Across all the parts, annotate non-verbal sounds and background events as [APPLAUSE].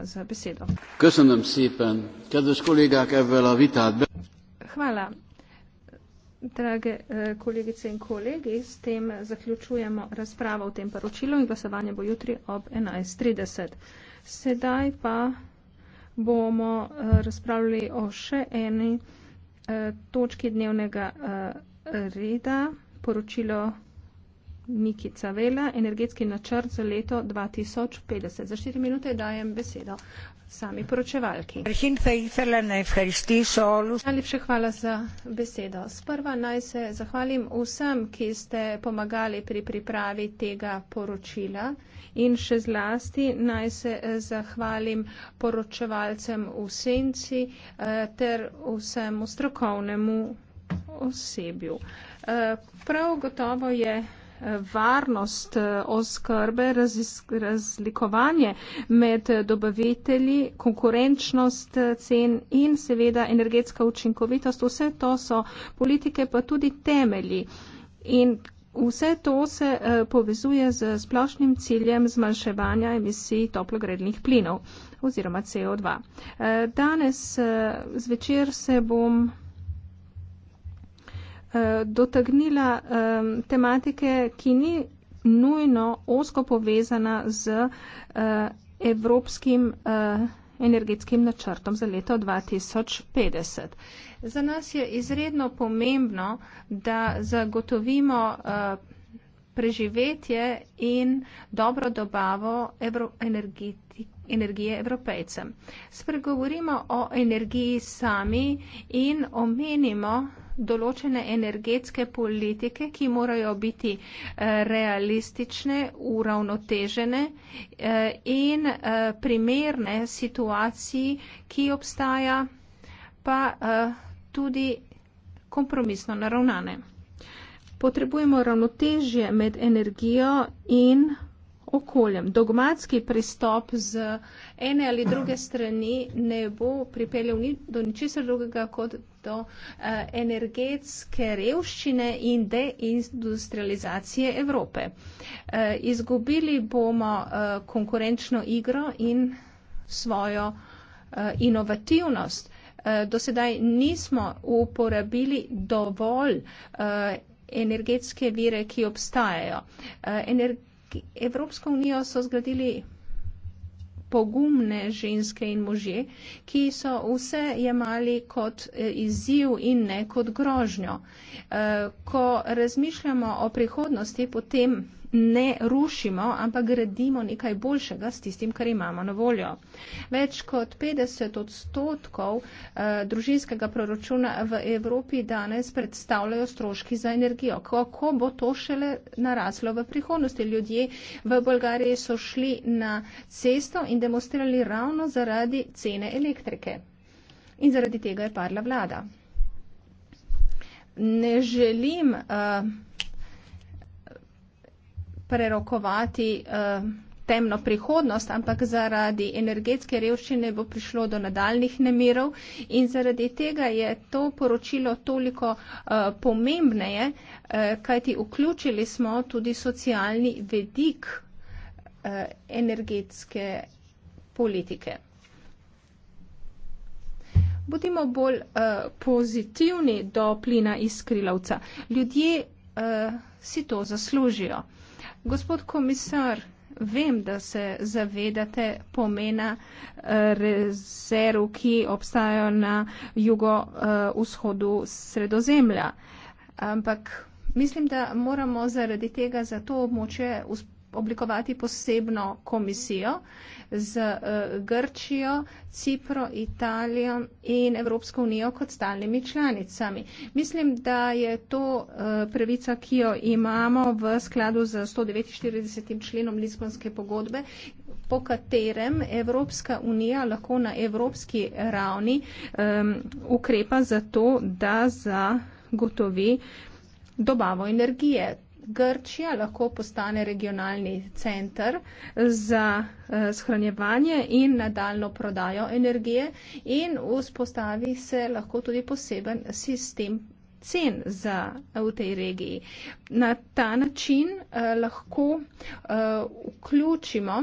za besedo. Köszönöm szépen. Kedves kollégák, ezzel a vitát be... Hvala. Drage eh, kolegice in kolegi, s tem zaključujemo razpravo v tem poročilu in glasovanje bo jutri ob 11.30. Sedaj pa bomo eh, razpravljali o še eni eh, točki dnevnega reda, poročilo Nikica Vela, energetski načrt za leto 2050. Za 4 minute dajem besedo sami poročevalki. Najlepša hvala za besedo. Sprva naj se zahvalim vsem, ki ste pomagali pri pripravi tega poročila in še zlasti naj se eh, zahvalim poročevalcem v senci eh, ter vsemu strokovnemu osebju. Eh, prav gotovo je varnost eh, oskrbe, razlikovanje med dobavitelji, konkurenčnost eh, cen in seveda energetska učinkovitost. Vse to so politike, pa tudi temelji. In vse to se eh, povezuje z splošnim ciljem zmanjševanja emisij toplogrednih plinov oziroma CO2. Danes zvečer se bom. Eh, dotaknila um, tematike, ki ni nujno osko povezana z uh, evropskim uh, energetskim načrtom za leto 2050. Za nas je izredno pomembno, da zagotovimo uh, preživetje in dobro dobavo evro energije evropejcem. Spregovorimo o energiji sami in omenimo, določene energetske politike, ki morajo biti eh, realistične, uravnotežene eh, in eh, primerne situaciji, ki obstaja, pa tudi kompromisno naravnane. Potrebujemo ravnotežje med energijo in okoljem. Dogmatski pristop z ene ali druge strani ne bo pripeljal ni, do ničesar drugega kot do uh, energetske revščine in deindustrializacije Evrope. Uh, izgubili bomo uh, konkurenčno igro in svojo uh, inovativnost. Uh, do sedaj nismo uporabili dovolj uh, energetske vire, ki obstajajo. Uh, Evropsko unijo so zgradili pogumne ženske in možje, ki so vse jemali kot eh, izziv in ne kot grožnjo. Eh, ko razmišljamo o prihodnosti, potem ne rušimo, ampak gradimo nekaj boljšega s tistim, kar imamo na voljo. Več kot 50 odstotkov eh, družinskega proračuna v Evropi danes predstavljajo stroški za energijo. Kako bo to šele naraslo v prihodnosti? Ljudje v Bolgariji so šli na cesto in demonstrirali ravno zaradi cene elektrike. In zaradi tega je padla vlada. Ne želim uh, prerokovati uh, temno prihodnost, ampak zaradi energetske revščine bo prišlo do nadaljnih nemirov in zaradi tega je to poročilo toliko uh, pomembneje, uh, kajti vključili smo tudi socialni vedik uh, energetske politike. Bodimo bolj uh, pozitivni do plina iz krilovca. Ljudje uh, si to zaslužijo. Gospod komisar, vem, da se zavedate pomena eh, rezerv, ki obstajajo na jugovzhodu eh, sredozemlja, ampak mislim, da moramo zaradi tega za to območje usporediti oblikovati posebno komisijo z eh, Grčijo, Cipro, Italijo in Evropsko unijo kot stalnimi članicami. Mislim, da je to eh, pravica, ki jo imamo v skladu z 149. členom Lizbonske pogodbe, po katerem Evropska unija lahko na evropski ravni um, ukrepa za to, da zagotovi dobavo energije. Grčija lahko postane regionalni center za eh, shranjevanje in nadaljno prodajo energije in vzpostavi se lahko tudi poseben sistem cen za, eh, v tej regiji. Na ta način eh, lahko vključimo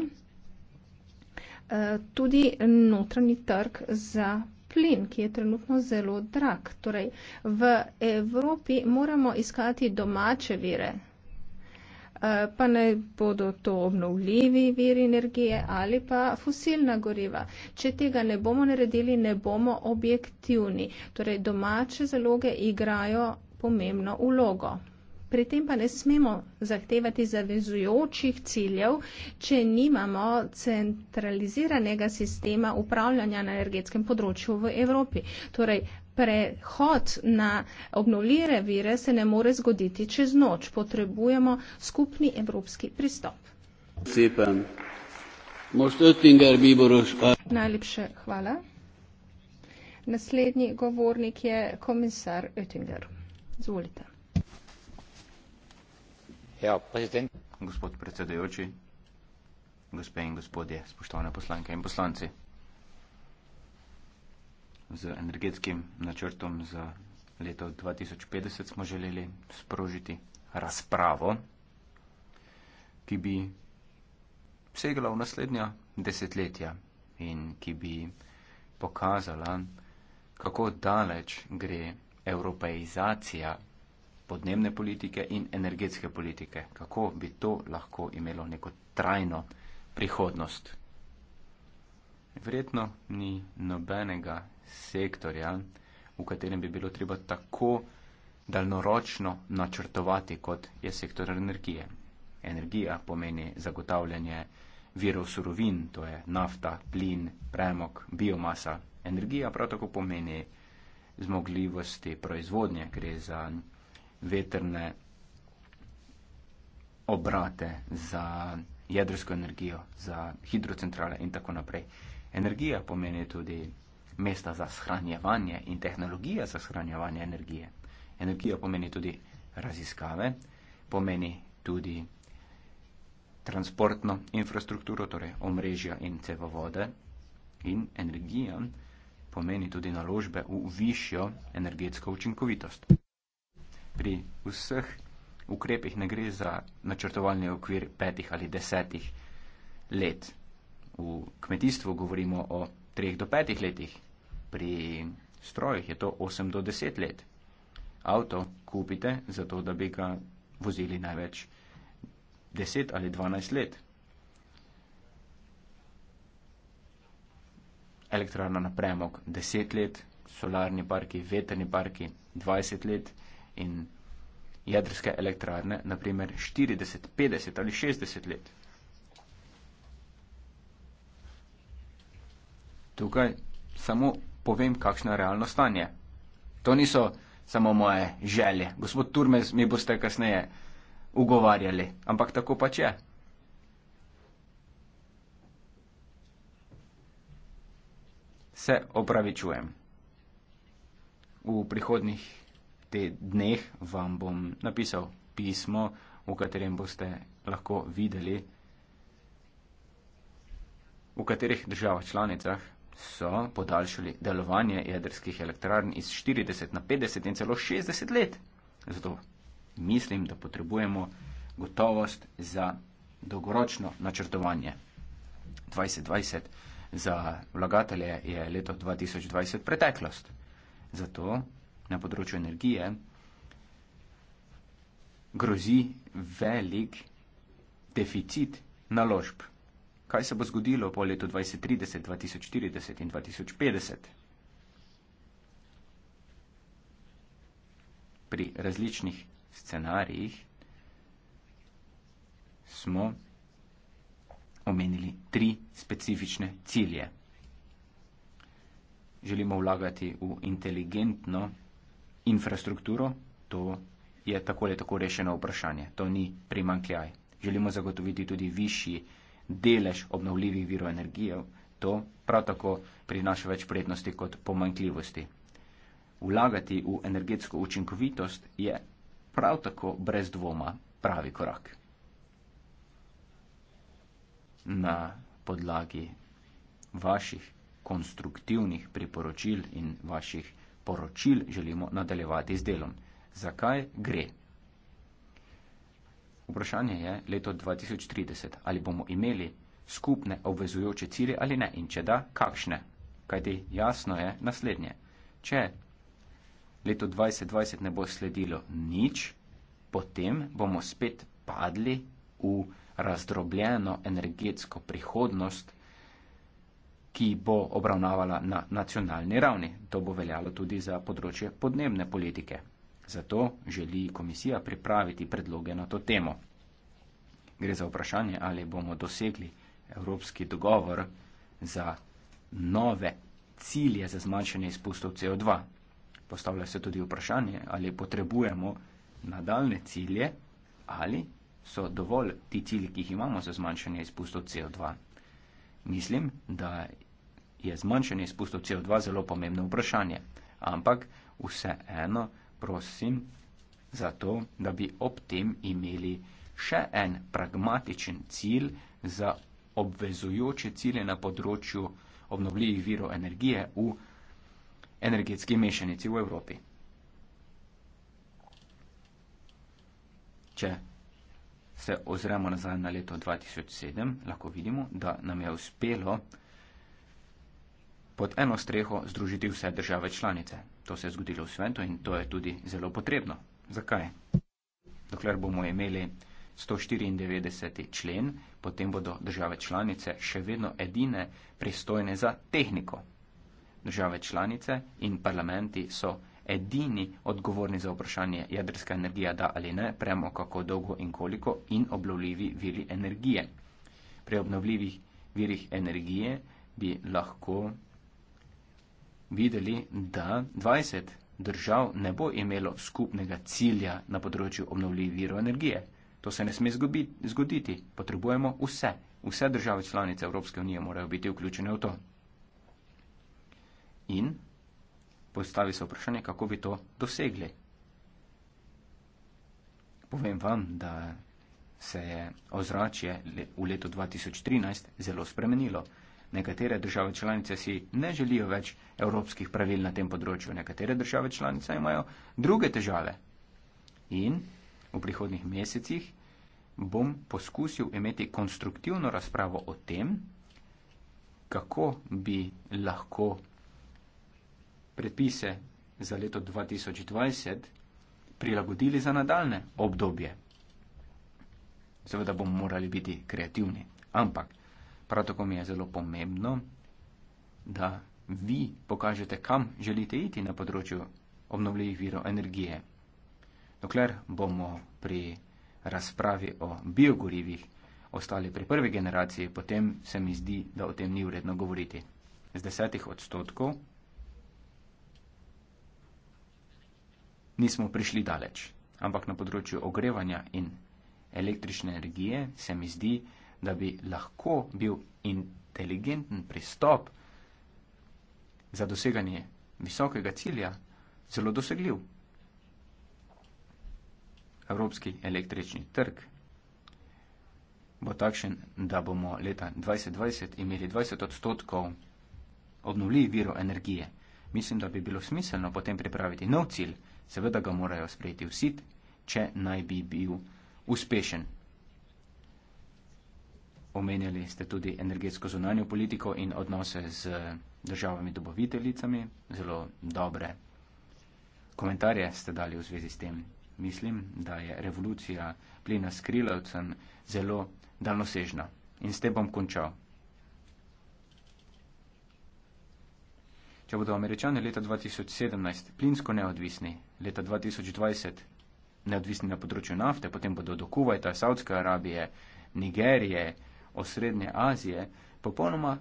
tudi notranji trg za plin, ki je trenutno zelo drag. Torej, v Evropi moramo iskati domače vire Eh, pa naj bodo to obnovljivi viri energije ali pa fosilna goriva. Če tega ne bomo naredili, ne bomo objektivni. Torej, domače zaloge igrajo pomembno ulogo. Pri tem pa ne smemo zahtevati zavezujočih ciljev, če nimamo centraliziranega sistema upravljanja na energetskem področju v Evropi. Torej, prehod na obnovljive vire se ne more zgoditi čez noč. Potrebujemo skupni evropski pristop. Najlepše hvala. Naslednji govornik je komisar Oettinger. Izvolite. Ja, gospod predsedujoči, gospe in gospodje, spoštovane poslanke in poslanci z energetskim načrtom za leto 2050 smo želeli sprožiti razpravo, ki bi segla v naslednja desetletja in ki bi pokazala, kako daleč gre evropeizacija podnebne politike in energetske politike, kako bi to lahko imelo neko trajno prihodnost. Vredno ni nobenega sektorja, v katerem bi bilo treba tako daljnoročno načrtovati, kot je sektor energije. Energija pomeni zagotavljanje virov surovin, to je nafta, plin, premog, biomasa. Energija prav tako pomeni zmogljivosti proizvodnje, gre za veterne obrate, za jedrsko energijo, za hidrocentrale in tako naprej. Energija pomeni tudi mesta za shranjevanje in tehnologija za shranjevanje energije. Energija pomeni tudi raziskave, pomeni tudi transportno infrastrukturo, torej omrežja in cevovode. In energija pomeni tudi naložbe v višjo energetsko učinkovitost. Pri vseh ukrepih ne gre za načrtovalni okvir petih ali desetih let, V kmetijstvu govorimo o 3 do 5 letih, pri strojih je to 8 do 10 let. Avto kupite zato, da bi ga vozili največ 10 ali 12 let. Elektrarna na premog 10 let, solarni parki, veterni parki 20 let in jedrske elektrarne naprimer 40, 50 ali 60 let. tukaj samo povem, kakšno je realno stanje. To niso samo moje želje. Gospod Turmes, mi boste kasneje ugovarjali, ampak tako pač je. Se opravičujem. V prihodnih teh dneh vam bom napisal pismo, v katerem boste lahko videli, v katerih državah članicah so podaljšali delovanje jedrskih elektrarn iz 40 na 50 in celo 60 let. Zato mislim, da potrebujemo gotovost za dolgoročno načrtovanje. 2020 za vlagatelje je leto 2020 preteklost. Zato na področju energije grozi velik deficit naložb kaj se bo zgodilo po letu 2030, 2040 in 2050. Pri različnih scenarijih smo omenili tri specifične cilje. Želimo vlagati v inteligentno infrastrukturo, to je takole tako rešeno vprašanje, to ni primankljaj. Želimo zagotoviti tudi višji delež obnovljivih virov energije. To prav tako prinaša več prednosti kot pomankljivosti. Vlagati v energetsko učinkovitost je prav tako brez dvoma pravi korak. Na podlagi vaših konstruktivnih priporočil in vaših poročil želimo nadaljevati z delom. Zakaj gre? Vprašanje je leto 2030, ali bomo imeli skupne obvezujoče cilje ali ne in če da, kakšne. Kajti jasno je naslednje. Če leto 2020 ne bo sledilo nič, potem bomo spet padli v razdrobljeno energetsko prihodnost, ki bo obravnavala na nacionalni ravni. To bo veljalo tudi za področje podnebne politike. Zato želi komisija pripraviti predloge na to temo. Gre za vprašanje, ali bomo dosegli evropski dogovor za nove cilje za zmanjšanje izpustov CO2. Postavlja se tudi vprašanje, ali potrebujemo nadaljne cilje ali so dovolj ti cilji, ki jih imamo za zmanjšanje izpustov CO2. Mislim, da je zmanjšanje izpustov CO2 zelo pomembno vprašanje, ampak vseeno prosim za to, da bi ob tem imeli še en pragmatičen cilj za obvezujoče cilje na področju obnovljivih virov energije v energetski mešanici v Evropi. Če se ozremo nazaj na leto 2007, lahko vidimo, da nam je uspelo pod eno streho združiti vse države članice. To se je zgodilo v svetu in to je tudi zelo potrebno. Zakaj? Dokler bomo imeli 194. člen, potem bodo države članice še vedno edine pristojne za tehniko. Države članice in parlamenti so edini odgovorni za vprašanje jedrska energija, da ali ne, premo kako dolgo in koliko in obnovljivi viri energije. Pri obnovljivih virih energije bi lahko videli, da 20 držav ne bo imelo skupnega cilja na področju obnovljivih virov energije. To se ne sme zgubi, zgoditi. Potrebujemo vse. Vse države članice Evropske unije morajo biti vključene v to. In postavi se vprašanje, kako bi to dosegli. Povem vam, da se je ozračje v letu 2013 zelo spremenilo. Nekatere države članice si ne želijo več evropskih pravil na tem področju, nekatere države članice imajo druge težave. In v prihodnih mesecih bom poskusil imeti konstruktivno razpravo o tem, kako bi lahko predpise za leto 2020 prilagodili za nadaljne obdobje. Seveda bomo morali biti kreativni, ampak Prav tako mi je zelo pomembno, da vi pokažete, kam želite iti na področju obnovljivih virov energije. Dokler bomo pri razpravi o biogorivih ostali pri prvi generaciji, potem se mi zdi, da o tem ni vredno govoriti. Z desetih odstotkov nismo prišli daleč, ampak na področju ogrevanja in električne energije se mi zdi, da da bi lahko bil inteligenten pristop za doseganje visokega cilja zelo dosegljiv. Evropski električni trg bo takšen, da bomo leta 2020 imeli 20 odstotkov obnovljivih virov energije. Mislim, da bi bilo smiselno potem pripraviti nov cilj, seveda ga morajo sprejeti vsi, če naj bi bil uspešen omenjali ste tudi energetsko zunanjo politiko in odnose z državami doboviteljicami. Zelo dobre komentarje ste dali v zvezi s tem. Mislim, da je revolucija plina s krilovcem zelo daljnosežna. In s tem bom končal. Če bodo američani leta 2017 plinsko neodvisni, leta 2020 neodvisni na področju nafte, potem bodo do Kuvajta, Saudske Arabije, Nigerije, osrednje Azije, popolnoma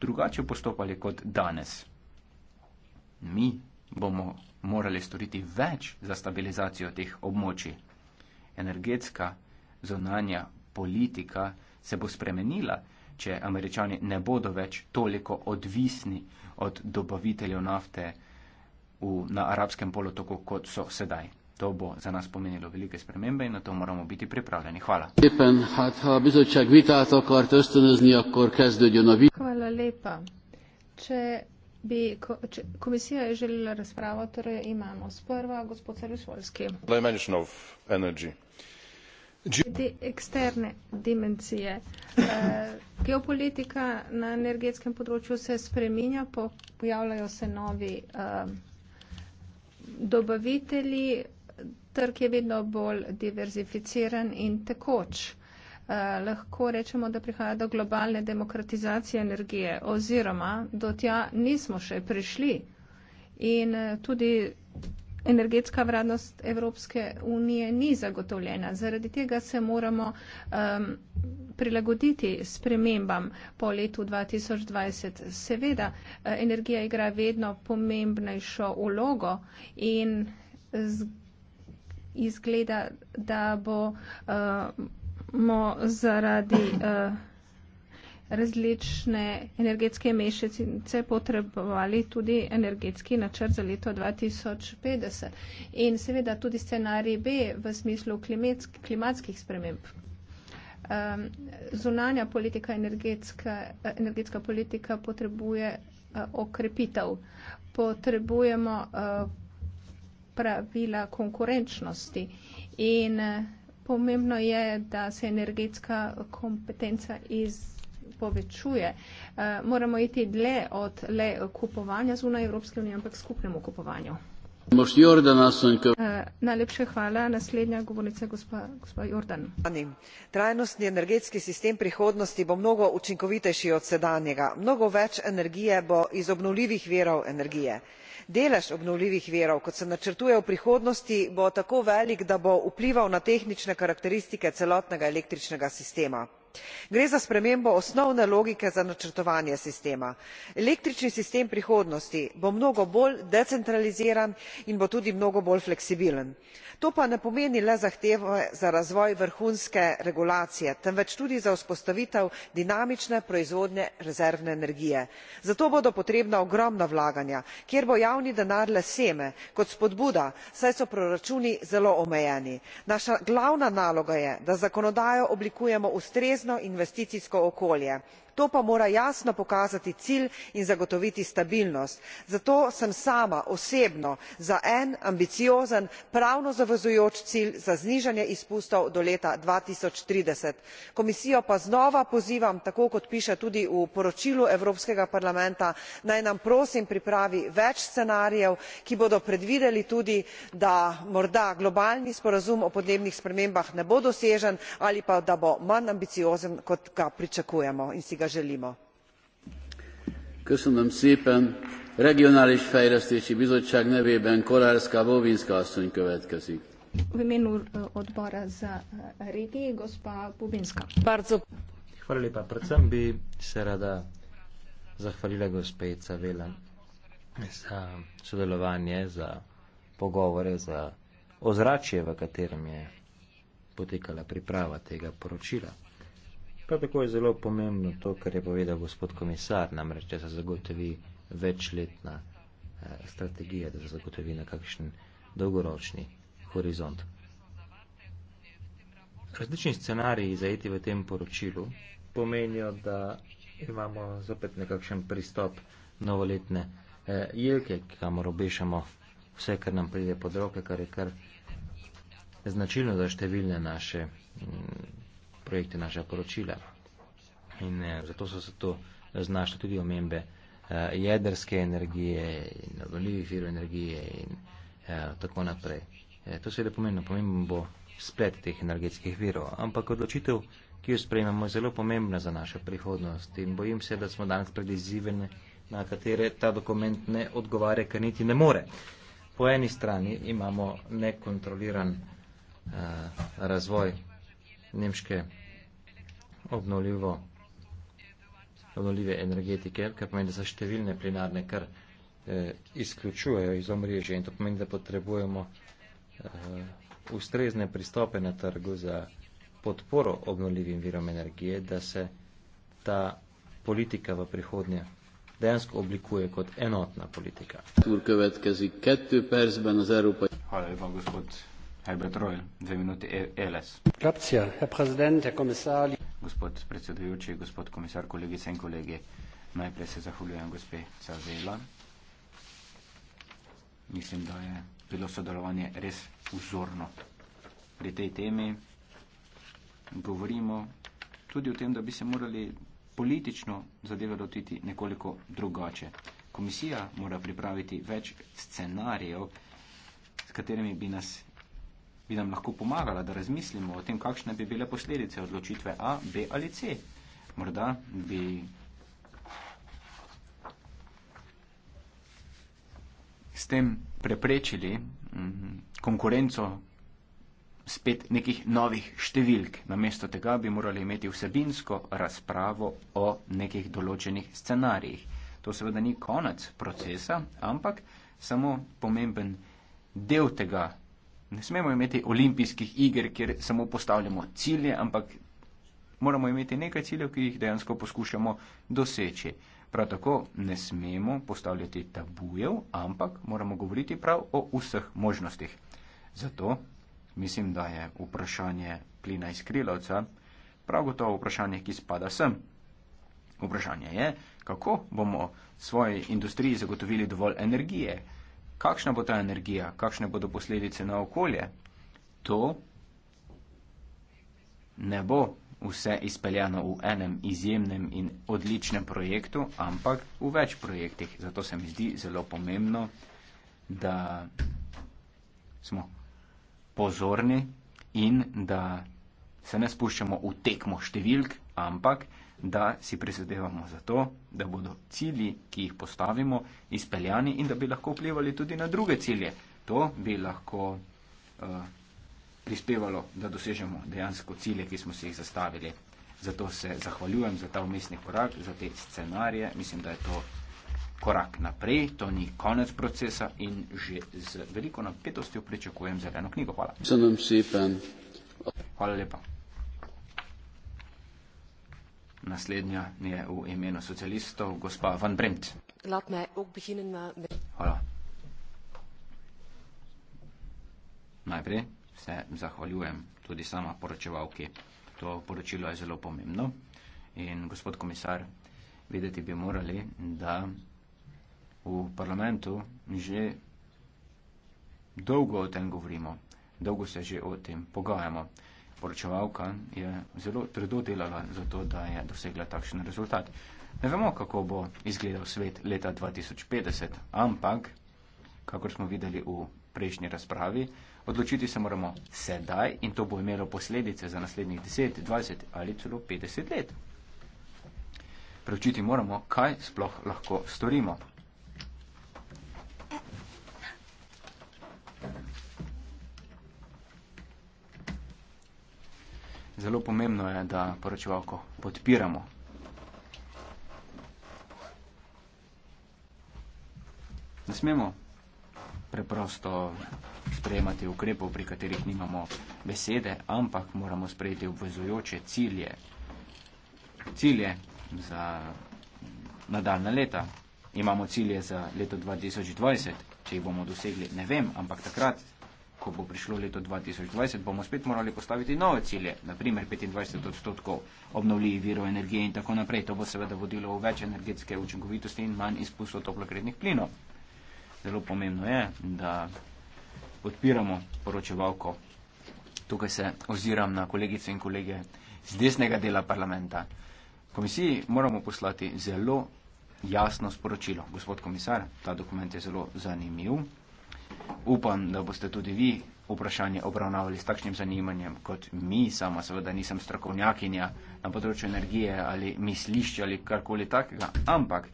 drugače postopali kot danes. Mi bomo morali storiti več za stabilizacijo teh območij. Energetska zonanja politika se bo spremenila, če američani ne bodo več toliko odvisni od dobaviteljev nafte v, na arabskem polotoku, kot so sedaj. To bo za nas pomenilo velike spremembe in na to moramo biti pripravljeni. Hvala. Hvala lepa. Če bi ko, če, komisija je želela razpravo, torej imamo sprva gospod Sarišvolski. Glede eksterne dimencije. Eh, geopolitika na energetskem področju se spreminja, pojavljajo se novi eh, dobavitelji, trg je vedno bolj diverzificiran in tekoč. Eh, lahko rečemo, da prihaja do globalne demokratizacije energije oziroma do tja nismo še prišli. In eh, tudi energetska vrednost Evropske unije ni zagotovljena. Zaradi tega se moramo um, prilagoditi spremembam po letu 2020. Seveda, eh, energija igra vedno pomembnejšo ulogo in izgleda, da bomo uh, zaradi uh, različne energetske mešice potrebovali tudi energetski načrt za leto 2050 in seveda tudi scenarij B v smislu klimatskih sprememb. Um, zunanja politika, energetska, energetska politika potrebuje uh, okrepitev. Potrebujemo uh, pravila konkurenčnosti. In eh, pomembno je, da se energetska kompetenca iz povečuje. Eh, moramo iti dlje od le kupovanja zunaj Evropske unije, ampak skupnemu kupovanju. Eh, najlepše hvala. Naslednja govornica je gospa, gospa Jordan. Trajnostni energetski sistem prihodnosti bo mnogo učinkovitejši od sedanjega. Mnogo več energije bo iz obnovljivih verov energije delež obnovljivih virov kot se načrtuje v prihodnosti bo tako velik da bo vplival na tehnične karakteristike celotnega električnega sistema gre za spremembo osnovne logike za načrtovanje sistema. električni sistem prihodnosti bo mnogo bolj decentraliziran in bo tudi mnogo bolj fleksibilen. to pa ne pomeni le zahteve za razvoj vrhunske regulacije temveč tudi za vzpostavitev dinamične proizvodnje rezervne energije. zato bodo potrebna ogromna vlaganja kjer bo javni denar le seme kot spodbuda saj so proračuni zelo omejeni. naša glavna naloga je da zakonodajo oblikujemo ustrezno ustrezno investicijsko okolje to pa mora jasno pokazati cilj in zagotoviti stabilnost zato sem sama osebno za en ambiciozen pravno zavezujoč cilj za znižanje izpustov do leta dva tisoč trideset komisijo pa znova pozivam tako kot piše tudi v poročilu evropskega parlamenta naj nam prosim pripravi več scenarijev ki bodo predvideli tudi da morda globalni sporazum o podnebnih spremembah ne bo dosežen ali pa da bo manj ambiciozen kot ga pričakujemo in si ga želimo tega želimo. köszönöm szépen regionális fejlesztési bizottság nevében korárská bovinská asszony következik. W imieniu odbora za eh, regii, gospa Bubinska. Bardzo. Chwała lepa pracem, by się rada zachwaliła gospejca Wela za sudelowanie, za pogowory, za ozracie, w którym je potykala priprawa tego poroczyla. Prav tako je zelo pomembno to, kar je povedal gospod komisar, namreč, da se zagotovi večletna eh, strategija, da se zagotovi na kakšen dolgoročni horizont. Različni scenariji zajeti v tem poročilu pomenijo, da imamo zopet nekakšen pristop novoletne eh, jelke, kamor obešamo vse, kar nam pride pod roke, kar je kar značilno za številne naše. Hm, projekte, naše poročila. In eh, zato so se tu znašle tudi omembe eh, jedrske energije in obnovljivih virov energije in eh, tako naprej. To seveda pomembno, pomemben bo splet teh energetskih virov, ampak odločitev, ki jo sprejmemo, je zelo pomembna za našo prihodnost in bojim se, da smo danes pred izzivene, na katere ta dokument ne odgovarja, ker niti ne more. Po eni strani imamo nekontroliran uh, razvoj nemške obnovljivo, obnovljive energetike, kar pomeni, da se številne plinarne kar eh, izključujejo iz omrežja in to pomeni, da potrebujemo eh, ustrezne pristope na trgu za podporo obnovljivim virom energije, da se ta politika v prihodnje dejansko oblikuje kot enotna politika. Hvala lepa, gospod Herbert Roy, dve minuti, e- LS. Grazie, herr Präsident, herr Kommissar gospod predsedujoči, gospod komisar, kolegice in kolegi. Najprej se zahvaljujem gospe Cazela. Mislim, da je bilo sodelovanje res vzorno pri tej temi. Govorimo tudi o tem, da bi se morali politično zadeve dotiti nekoliko drugače. Komisija mora pripraviti več scenarijev, s katerimi bi nas bi nam lahko pomagala, da razmislimo o tem, kakšne bi bile posledice odločitve A, B ali C. Morda bi. S tem preprečili mhm, konkurenco spet nekih novih številk. Namesto tega bi morali imeti vsebinsko razpravo o nekih določenih scenarijih. To seveda ni konec procesa, ampak samo pomemben del tega ne smemo imeti olimpijskih iger, kjer samo postavljamo cilje, ampak moramo imeti nekaj ciljev, ki jih dejansko poskušamo doseči. Prav tako ne smemo postavljati tabujev, ampak moramo govoriti prav o vseh možnostih. Zato mislim, da je vprašanje plina iz krilovca prav gotovo vprašanje, ki spada sem. Vprašanje je, kako bomo svoji industriji zagotovili dovolj energije, kakšna bo ta energija, kakšne bodo posledice na okolje, to ne bo vse izpeljano v enem izjemnem in odličnem projektu, ampak v več projektih. Zato se mi zdi zelo pomembno, da smo pozorni in da se ne spuščamo v tekmo številk, ampak da si prizadevamo za to, da bodo cilji, ki jih postavimo, izpeljani in da bi lahko vplivali tudi na druge cilje. To bi lahko uh, prispevalo, da dosežemo dejansko cilje, ki smo si jih zastavili. Zato se zahvaljujem za ta umestni korak, za te scenarije. Mislim, da je to korak naprej, to ni konec procesa in že z veliko napetostjo pričakujem zeleno knjigo. Hvala. Hvala lepa. Naslednja je v imenu socialistov, gospa Van Bremt. Laat mij ook beginnen met... Hvala. Najprej se zahvaljujem tudi sama poročevalki. To poročilo je zelo pomembno in gospod komisar, videti bi morali, da v parlamentu že dolgo o tem govorimo, dolgo se že o tem pogajamo poročevalka je zelo trdo delala za to, da je dosegla takšen rezultat. Ne vemo, kako bo izgledal svet leta 2050, ampak, kakor smo videli v prejšnji razpravi, odločiti se moramo sedaj in to bo imelo posledice za naslednjih 10, 20 ali celo 50 let. Preučiti moramo, kaj sploh lahko storimo. zelo pomembno je, da poročevalko podpiramo. Ne smemo preprosto sprejemati ukrepov, pri katerih nimamo besede, ampak moramo sprejeti obvezujoče cilje, cilje za nadaljna leta. Imamo cilje za leto 2020, če jih bomo dosegli, ne vem, ampak takrat ko bo prišlo leto 2020, bomo spet morali postaviti nove cilje, naprimer 25 odstotkov obnovljivih virov energije in tako naprej. To bo seveda vodilo v več energetske učinkovitosti in manj izpustov toplogrednih plinov. Zelo pomembno je, da podpiramo poročevalko. Tukaj se oziram na kolegice in kolege z desnega dela parlamenta. Komisiji moramo poslati zelo jasno sporočilo. Gospod komisar, ta dokument je zelo zanimiv. Upam, da boste tudi vi vprašanje obravnavali s takšnim zanimanjem kot mi, sama seveda nisem strokovnjakinja na področju energije ali mislišča ali karkoli takega, ampak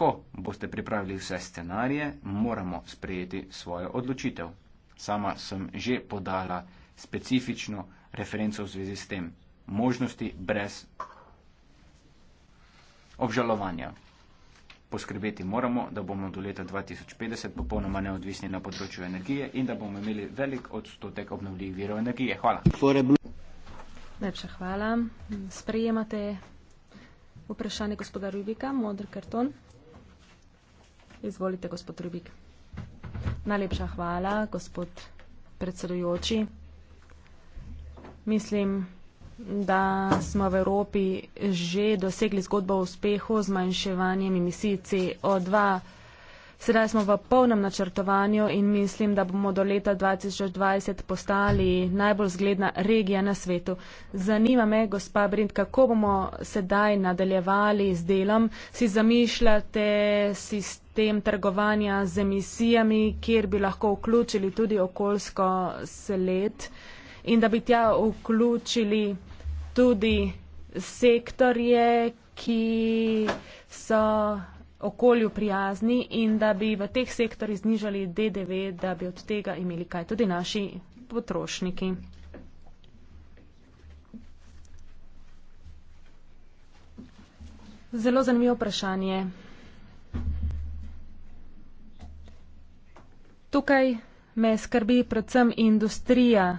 ko boste pripravili vse scenarije, moramo sprejeti svojo odločitev. Sama sem že podala specifično referenco v zvezi s tem. Možnosti brez obžalovanja poskrbeti moramo, da bomo do leta 2050 popolnoma neodvisni na področju energije in da bomo imeli velik odstotek obnovljivih virov energije. Hvala. Najlepša hvala. Sprejemate vprašanje gospoda Rubika, modr karton. Izvolite, gospod Rubik. Najlepša hvala, gospod predsedujoči. Mislim, da smo v Evropi že dosegli zgodbo o uspehu z manjševanjem emisij CO2. Sedaj smo v polnem načrtovanju in mislim, da bomo do leta 2020 postali najbolj zgledna regija na svetu. Zanima me, gospa Brind, kako bomo sedaj nadaljevali z delom. Si zamišljate sistem trgovanja z emisijami, kjer bi lahko vključili tudi okoljsko sled? Uh, in da bi tja vključili tudi sektorje, ki so okolju prijazni in da bi v teh sektorjih znižali DDV, da bi od tega imeli kaj tudi naši potrošniki. Zelo zanimivo vprašanje. Tukaj me skrbi predvsem industrija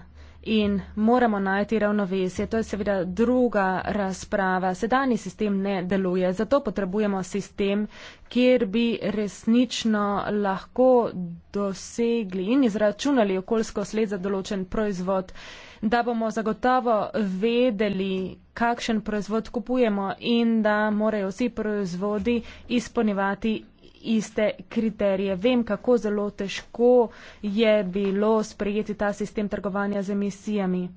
in moramo najti ravnovesje. To je seveda druga razprava. Sedajni sistem ne deluje, zato potrebujemo sistem, kjer bi resnično lahko dosegli in izračunali okoljsko sled za določen proizvod, da bomo zagotovo vedeli, kakšen proizvod kupujemo in da morajo vsi proizvodi izpolnjevati iste kriterije. Vem, kako zelo težko je bilo sprejeti ta sistem trgovanja z emisijami.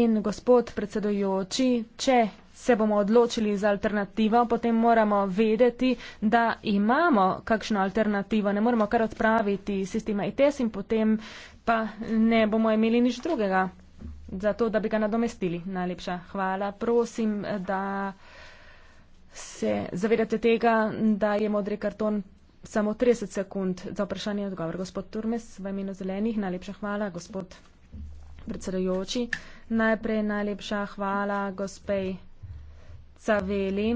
In gospod predsedojoči, če se bomo odločili za alternativo, potem moramo vedeti, da imamo kakšno alternativo. Ne moramo kar odpraviti sistema ITS in potem pa ne bomo imeli nič drugega za to, da bi ga nadomestili. Najlepša hvala. Prosim, da. Se zavedate tega, da je modri karton samo 30 sekund za vprašanje in odgovor? Gospod Turmes, v imenu zelenih, najlepša hvala, gospod predsedujoči. Najprej najlepša hvala gospej Caveli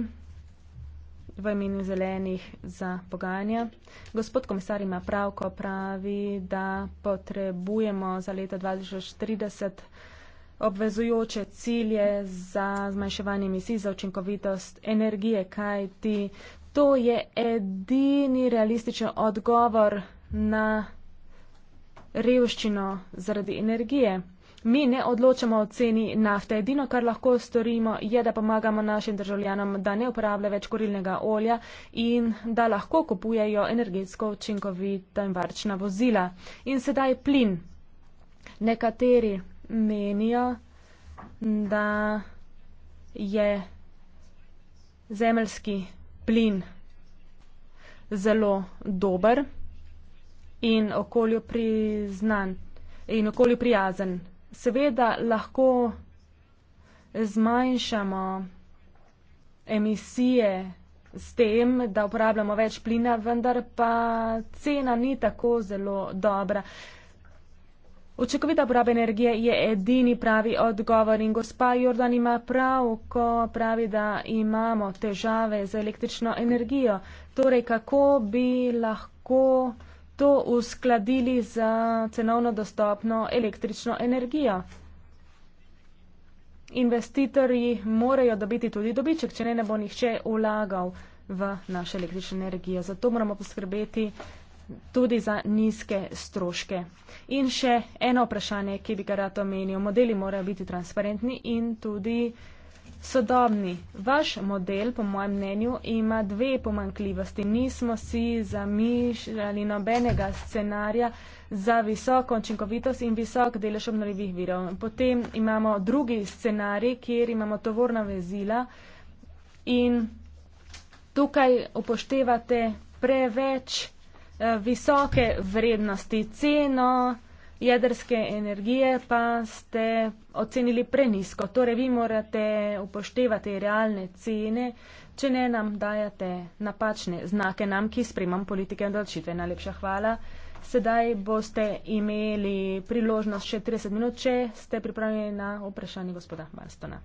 v imenu zelenih za pogajanja. Gospod komisar ima prav, ko pravi, da potrebujemo za leto 2030 obvezujoče cilje za zmanjševanje emisij, za učinkovitost energije, kaj ti to je edini realističen odgovor na revščino zaradi energije. Mi ne odločamo o ceni nafte. Edino, kar lahko storimo, je, da pomagamo našim državljanom, da ne uporabljajo več korilnega olja in da lahko kupujejo energetsko učinkovita in varčna vozila. In sedaj plin. Nekateri menijo, da je zemljski plin zelo dober in okolju priznan in okolju prijazen. Seveda lahko zmanjšamo emisije s tem, da uporabljamo več plina, vendar pa cena ni tako zelo dobra. Uh, Učinkovita poraba energije je edini pravi odgovor in gospa Jordan ima prav, ko pravi, da imamo težave z električno energijo. Torej, kako bi lahko to uskladili z cenovno dostopno električno energijo? Investitorji morajo dobiti tudi dobiček, če ne, ne bo nihče vlagal v našo električno energijo. Zato moramo poskrbeti tudi za nizke stroške. In še eno vprašanje, ki bi ga rad omenil. Modeli morajo biti transparentni in tudi sodobni. Vaš model, po mojem mnenju, ima dve pomankljivosti. Nismo si zamišljali nobenega scenarija za visoko učinkovitost in visok delež obnovljivih virov. Potem imamo drugi scenarij, kjer imamo tovorna vezila in tukaj upoštevate preveč Eh, visoke vrednosti ceno jedrske energije pa ste ocenili prenisko. Torej, vi morate upoštevati realne cene, če ne nam dajate napačne znake, nam, ki spremam politike odločitve. Najlepša hvala. Sedaj boste imeli priložnost še 30 minut, če ste pripravljeni na vprašanje gospoda Barstona.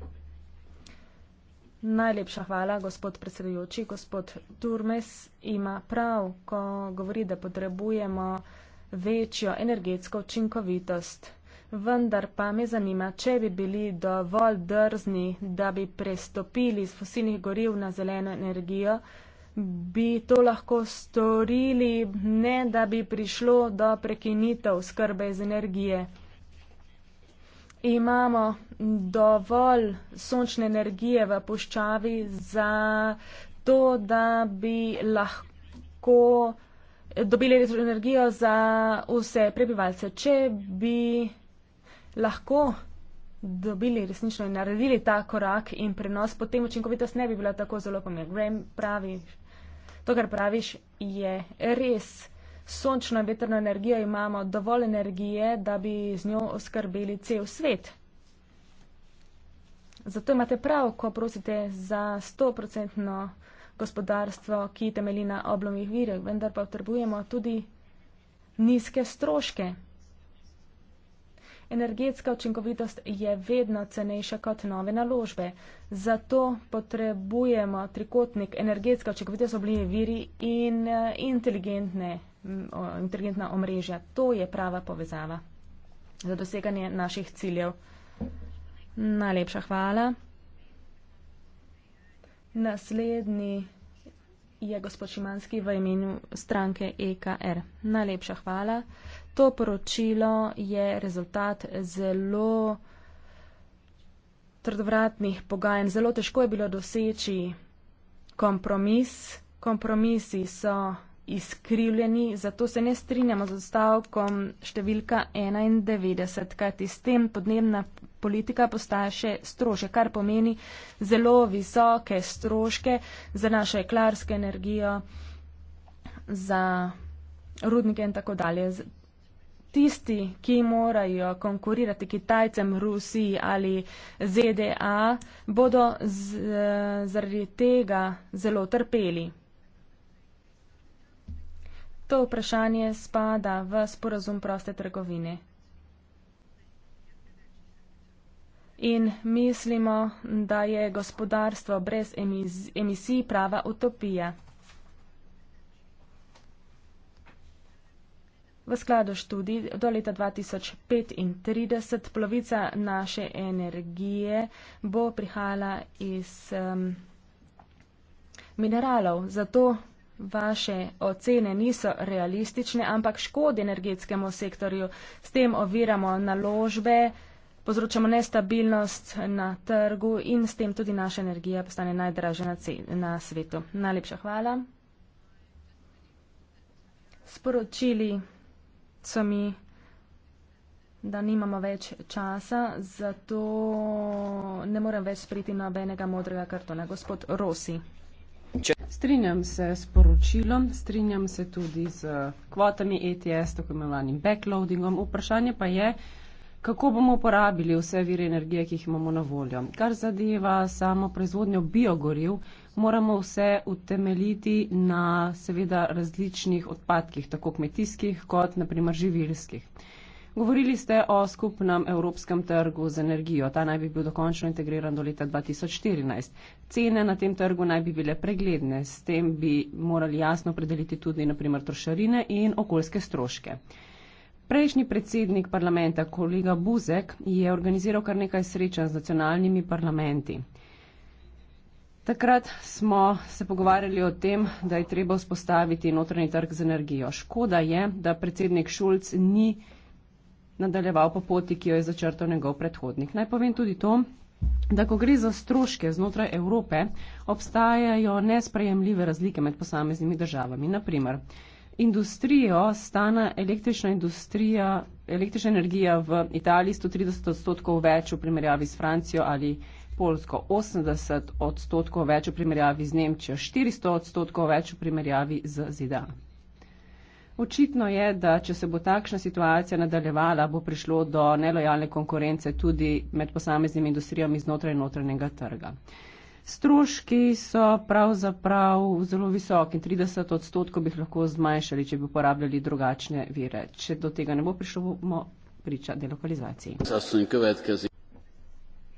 Najlepša hvala, gospod predsedujoči. Gospod Turmes ima prav, ko govori, da potrebujemo večjo energetsko učinkovitost. Vendar pa me zanima, če bi bili dovolj drzni, da bi prestopili iz fosilnih goriv na zeleno energijo, bi to lahko storili, ne da bi prišlo do prekinitev skrbe z energijo imamo dovolj sončne energije v puščavi za to, da bi lahko dobili električno energijo za vse prebivalce. Če bi lahko dobili resnično in naredili ta korak in prenos, potem učinkovitost ne bi bila tako zelo pomembna. Graham pravi, to, kar praviš, je res sončno in vetrno energijo imamo dovolj energije, da bi z njo oskrbeli cel svet. Zato imate prav, ko prosite za 100-procentno gospodarstvo, ki temeli na oblomih virih, vendar pa potrebujemo tudi nizke stroške. Energetska učinkovitost je vedno cenejša kot nove naložbe. Zato potrebujemo trikotnik energetska učinkovitost obljeni viri in eh, inteligentne inteligentna omrežja. To je prava povezava za doseganje naših ciljev. Najlepša hvala. Naslednji je gospod Šimanski v imenu stranke EKR. Najlepša hvala. To poročilo je rezultat zelo trdovratnih pogajanj. Zelo težko je bilo doseči kompromis. Kompromisi so izkrivljeni, zato se ne strinjamo z odstavkom številka 91, kajti s tem podnebna politika postaja še strože, kar pomeni zelo visoke stroške za našo eklarsko energijo, za rudnike in tako dalje. Tisti, ki morajo konkurirati Kitajcem, Rusiji ali ZDA, bodo z, zaradi tega zelo trpeli. To vprašanje spada v sporazum proste trgovine. In mislimo, da je gospodarstvo brez emisij prava utopija. V skladu študij do leta 2035 polovica naše energije bo prihajala iz um, mineralov. Zato vaše ocene niso realistične, ampak škodi energetskemu sektorju. S tem oviramo naložbe, povzročamo nestabilnost na trgu in s tem tudi naša energija postane najdražja na, na svetu. Najlepša hvala. Sporočili so mi, da nimamo več časa, zato ne morem več spriti nobenega modrega kartona. Gospod Rosi. Če... Strinjam se s poročilom, strinjam se tudi z kvotami ETS, tako imenovanim backloadingom. Vprašanje pa je, kako bomo uporabili vse vire energije, ki jih imamo na voljo. Kar zadeva samo proizvodnjo biogoriv, moramo vse utemeljiti na seveda različnih odpadkih, tako kmetijskih kot naprimer živilskih. Govorili ste o skupnem evropskem trgu z energijo. Ta naj bi bil dokončno integriran do leta 2014. Cene na tem trgu naj bi bile pregledne. S tem bi morali jasno predeliti tudi naprimer trošarine in okoljske stroške. Prejšnji predsednik parlamenta, kolega Buzek, je organiziral kar nekaj srečanj z nacionalnimi parlamenti. Takrat smo se pogovarjali o tem, da je treba vzpostaviti notranji trg z energijo. Škoda je, da predsednik Šulc ni nadaljeval po poti, ki jo je začrtal njegov predhodnik. Naj povem tudi to, da ko gre za stroške znotraj Evrope, obstajajo nesprejemljive razlike med posameznimi državami. Naprimer, industrijo stana električna industrija, električna energija v Italiji 130 odstotkov več v primerjavi s Francijo ali Polsko 80 odstotkov več v primerjavi z Nemčijo, 400 odstotkov več v primerjavi z ZDA. Očitno je, da če se bo takšna situacija nadaljevala, bo prišlo do nelojalne konkurence tudi med posameznimi industrijami znotraj notranjega trga. Stroški so pravzaprav zelo visoki in 30 odstotkov bi lahko zmanjšali, če bi uporabljali drugačne vire. Če do tega ne bo prišlo, bomo priča delokalizaciji.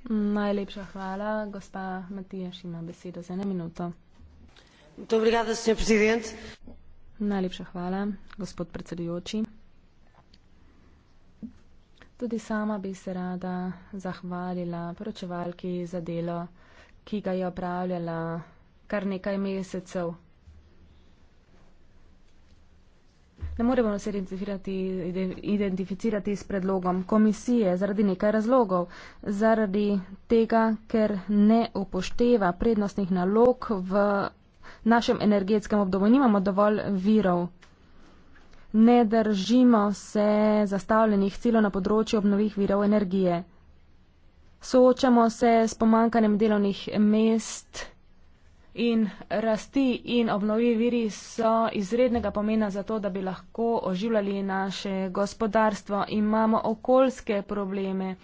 Najlepša hvala. Gospa Matija, še ima besedo za eno minuto. Dobrigada, Najlepša hvala, gospod predsedujoči. Tudi sama bi se rada zahvalila poročevalki za delo, ki ga je opravljala kar nekaj mesecev. Ne moremo se identificirati, identificirati s predlogom komisije zaradi nekaj razlogov. Zaradi tega, ker ne upošteva prednostnih nalog v našem energetskem obdobju. Nimamo dovolj virov. Ne držimo se zastavljenih ciljev na področju obnovih virov energije. Soočamo se s pomankanjem delovnih mest in rasti in obnovi viri so izrednega pomena za to, da bi lahko oživljali naše gospodarstvo. Imamo okoljske probleme.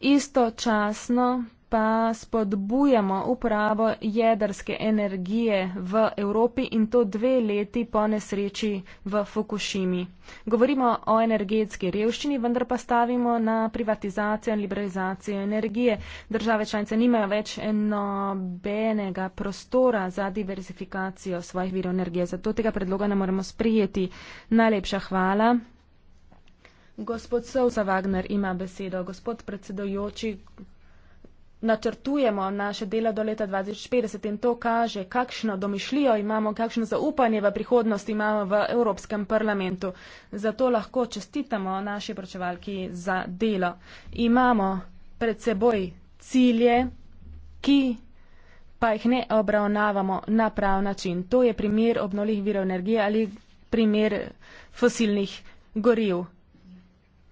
Istočasno pa spodbujamo uporabo jedrske energije v Evropi in to dve leti po nesreči v Fukushimi. Govorimo o energetski revščini, vendar pa stavimo na privatizacijo in liberalizacijo energije. Države članice nimajo več enobenega prostora za diversifikacijo svojih virov energije, zato tega predloga ne moremo sprijeti. Najlepša hvala. Gospod Sousa Wagner ima besedo. Gospod predsedojoči, načrtujemo naše delo do leta 2050 in to kaže, kakšno domišljijo imamo, kakšno zaupanje v prihodnost imamo v Evropskem parlamentu. Zato lahko čestitamo naši pročevalki za delo. Imamo pred seboj cilje, ki pa jih ne obravnavamo na prav način. To je primer obnolih virov energije ali primer fosilnih goriv.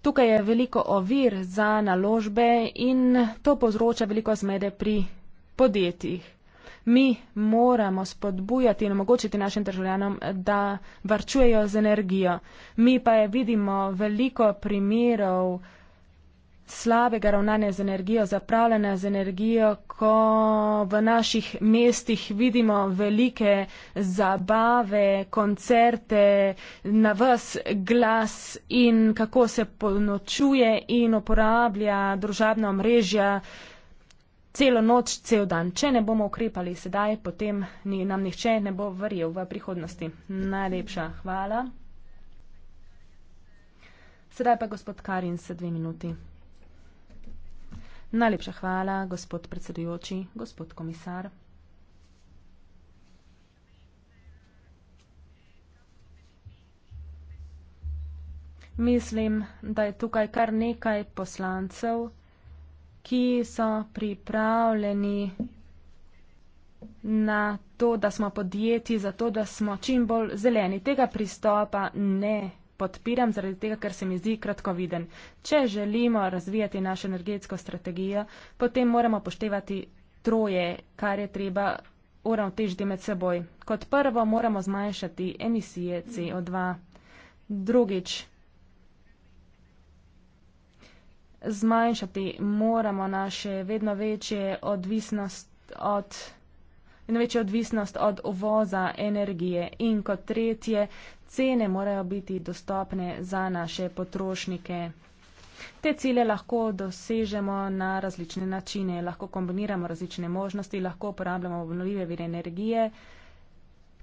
Tukaj je veliko ovir za naložbe in to povzroča veliko zmede pri podjetjih. Mi moramo spodbujati in omogočiti našim državljanom, da varčujejo z energijo. Mi pa je vidimo veliko primerov, slabega ravnanja z energijo, zapravljanja z energijo, ko v naših mestih vidimo velike zabave, koncerte, na vas glas in kako se ponočuje in uporablja družabna mrežja celo noč, cel dan. Če ne bomo ukrepali sedaj, potem ni, nam nihče ne bo verjel v prihodnosti. Najlepša hvala. Sedaj pa gospod Karin, se dve minuti. Najlepša hvala, gospod predsedujoči, gospod komisar. Mislim, da je tukaj kar nekaj poslancev, ki so pripravljeni na to, da smo podjetji, zato da smo čim bolj zeleni. Tega pristopa ne podpiram, zaradi tega, ker se mi zdi kratkoviden. Če želimo razvijati našo energetsko strategijo, potem moramo poštevati troje, kar je treba uravnotežiti med seboj. Kot prvo moramo zmanjšati emisije CO2. Drugič, zmanjšati moramo naše vedno večje odvisnost od. In večja odvisnost od uvoza energije. In kot tretje, cene morajo biti dostopne za naše potrošnike. Te cilje lahko dosežemo na različne načine, lahko kombiniramo različne možnosti, lahko uporabljamo obnovljive vire energije,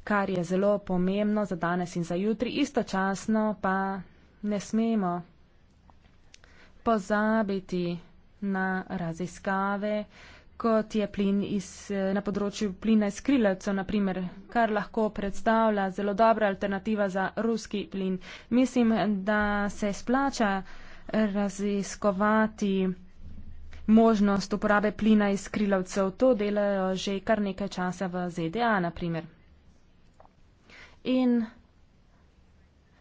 kar je zelo pomembno za danes in za jutri, istočasno pa ne smemo pozabiti na raziskave, kot je plin iz, eh, na področju plina iz krilavcev, naprimer, kar lahko predstavlja zelo dobra alternativa za ruski plin. Mislim, da se splača raziskovati možnost uporabe plina iz krilavcev. To delajo že kar nekaj časa v ZDA, naprimer. In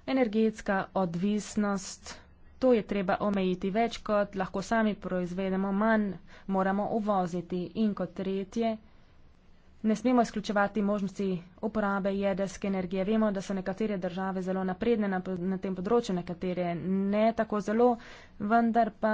energetska odvisnost to je treba omejiti več kot lahko sami proizvedemo manj, moramo uvoziti in kot tretje, ne smemo izključevati možnosti uporabe jedrske energije. Vemo, da so nekatere države zelo napredne na, na tem področju, nekatere ne tako zelo, vendar pa.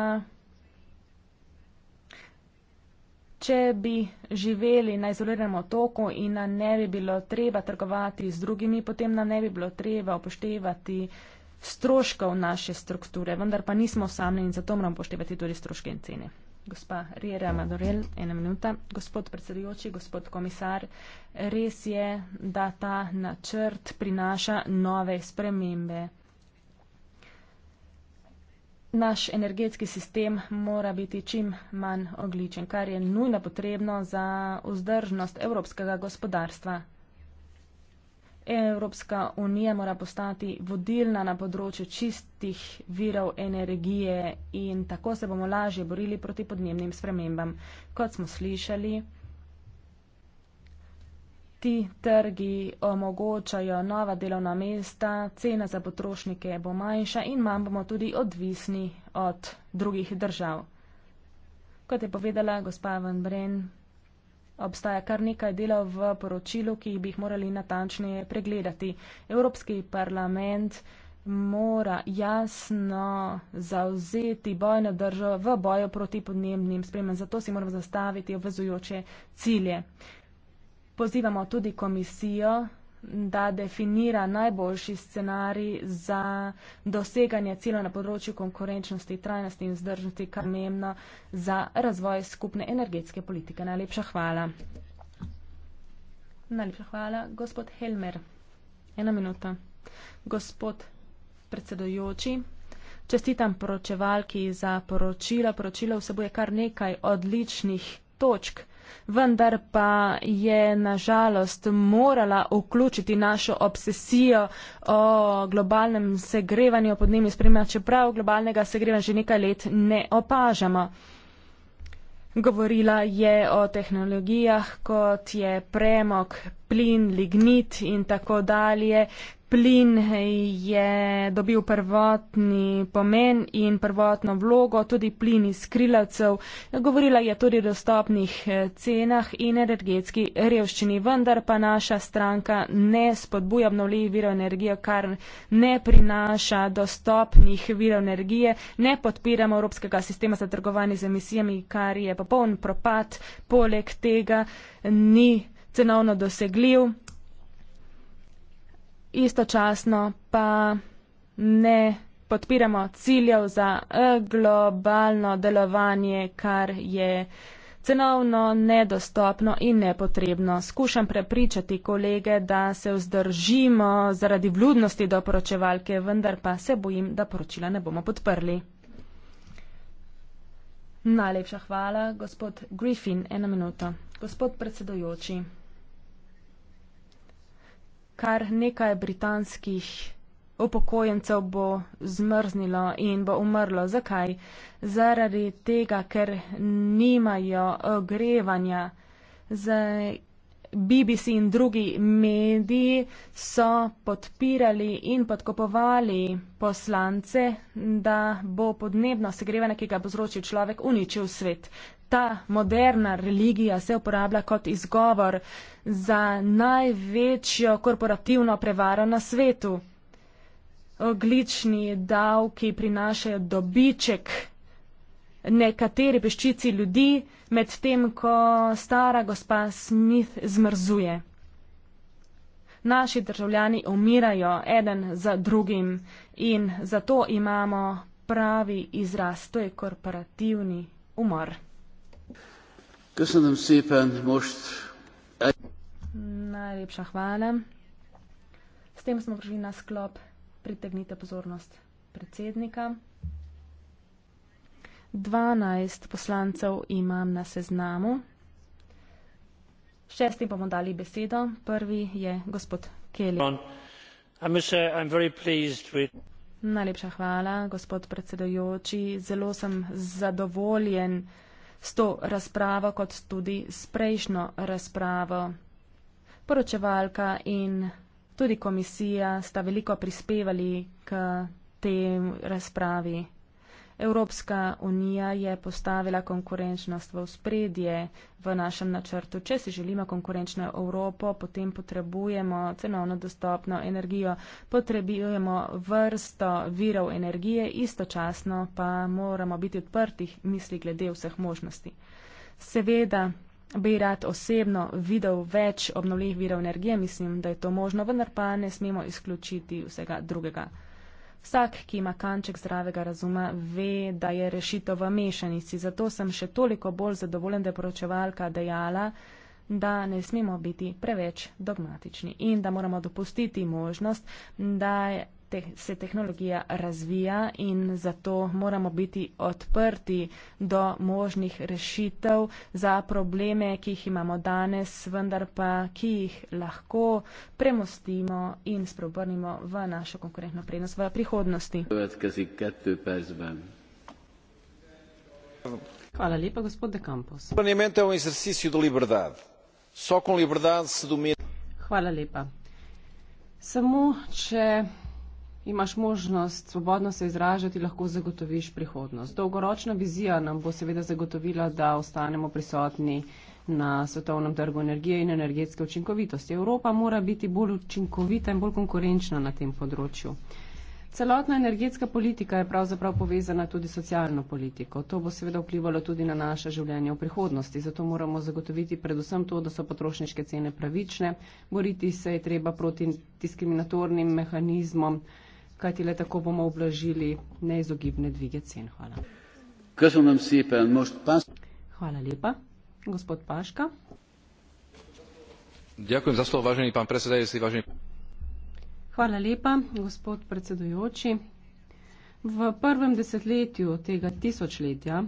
Če bi živeli na izoliranem otoku in nam ne bi bilo treba trgovati z drugimi, potem nam ne bi bilo treba upoštevati uh, stroškov naše strukture, vendar pa nismo osamljeni, zato moramo poštevati tudi stroške in cene. Gospa Riera Madorel, ena minuta. Gospod predsedujoči, gospod komisar, res je, da ta načrt prinaša nove spremembe. Naš energetski sistem mora biti čim manj ogličen, kar je nujno potrebno za vzdržnost evropskega gospodarstva Evropska unija mora postati vodilna na področju čistih virov energije in tako se bomo lažje borili proti podnebnim spremembam. Kot smo slišali, ti trgi omogočajo nova delovna mesta, cena za potrošnike bo manjša in manj bomo tudi odvisni od drugih držav. Kot je povedala gospa Van Bren, obstaja kar nekaj dela v poročilu, ki bi jih morali natančneje pregledati. Evropski parlament mora jasno zauzeti bojno držo v boju proti podnebnim spremem, zato si moramo zastaviti obvezujoče cilje. Pozivamo tudi komisijo, da definira najboljši scenarij za doseganje cilja na področju konkurenčnosti, trajnosti in vzdržnosti, kar je pomembno za razvoj skupne energetske politike. Najlepša hvala. Najlepša hvala, gospod Helmer. Ena minuta. Gospod predsedojoči, čestitam poročevalki za poročila. Poročilo vsebuje kar nekaj odličnih točk vendar pa je nažalost morala vključiti našo obsesijo o globalnem segrevanju podnebnih sprememb, čeprav globalnega segrevanja že nekaj let ne opažamo. Govorila je o tehnologijah, kot je premog, plin, lignit in tako dalje, plin je dobil prvotni pomen in prvotno vlogo, tudi plin iz krilavcev. Govorila je tudi o dostopnih eh, cenah in energetski revščini, vendar pa naša stranka ne spodbuja obnovljivih virov energije, kar ne prinaša dostopnih virov energije, ne podpiramo Evropskega sistema za trgovanje z emisijami, kar je popoln propad, poleg tega ni cenovno dosegljiv istočasno pa ne podpiramo ciljev za eh, globalno delovanje, kar je cenovno nedostopno in nepotrebno. Skušam prepričati kolege, da se vzdržimo zaradi vljudnosti do poročevalke, vendar pa se bojim, da poročila ne bomo podprli. Najlepša hvala, gospod Griffin, ena minuta. Gospod predsedujoči kar nekaj britanskih upokojencev bo zmrznilo in bo umrlo. Zakaj? Zaradi tega, ker nimajo ogrevanja. Zdaj, BBC in drugi mediji so podpirali in podkopovali poslance, da bo podnebno segrevanje, ki ga bo zročil človek, uničil svet. Ta moderna religija se uporablja kot izgovor za največjo korporativno prevaro na svetu. Oglični davki prinašajo dobiček nekateri peščici ljudi, medtem ko stara gospa Smith zmrzuje. Naši državljani umirajo eden za drugim in zato imamo pravi izraz, to je korporativni umor. Najlepša hvala. S tem smo prišli na sklop pritegnite pozornost predsednika. 12 poslancev imam na seznamu. Šestim bomo dali besedo. Prvi je gospod Kelly. Najlepša hvala, gospod predsedojoči. Zelo sem zadovoljen s to razpravo, kot tudi s prejšnjo razpravo. Poročevalka in tudi komisija sta veliko prispevali k tej razpravi. Evropska unija je postavila konkurenčnost v spredje v našem načrtu. Če si želimo konkurenčno Evropo, potem potrebujemo cenovno dostopno energijo, potrebujemo vrsto virov energije, istočasno pa moramo biti odprtih misli glede vseh možnosti. Seveda bi rad osebno videl več obnovljivih virov energije, mislim, da je to možno, vendar pa ne smemo izključiti vsega drugega. Vsak, ki ima kanček zdravega razuma, ve, da je rešitev v mešanici. Zato sem še toliko bolj zadovoljen, da je poročevalka dejala, da ne smemo biti preveč dogmatični in da moramo dopustiti možnost, da te, se tehnologija razvija in zato moramo biti odprti do možnih rešitev za probleme, ki jih imamo danes, vendar pa ki jih lahko premostimo in spreobrnimo v našo konkurentno prednost v prihodnosti. Hvala lepa, gospod De Campos. Um Hvala lepa. Samo, če imaš možnost svobodno se izražati, lahko zagotoviš prihodnost. Dolgoročna vizija nam bo seveda zagotovila, da ostanemo prisotni na svetovnem trgu energije in energetske učinkovitosti. Evropa mora biti bolj učinkovita in bolj konkurenčna na tem področju. Celotna energetska politika je pravzaprav povezana tudi s socialno politiko. To bo seveda vplivalo tudi na naše življenje v prihodnosti. Zato moramo zagotoviti predvsem to, da so potrošniške cene pravične. Boriti se je treba proti diskriminatornim mehanizmom kajti le tako bomo oblažili neizogibne dvige cen. Hvala. Hvala lepa. Gospod Paška. Ďakujem za slovo, vážený pán predsedajúci. Vážený... Hvala lepa, gospod predsedujoči. V prvem desetletju tega tisočletja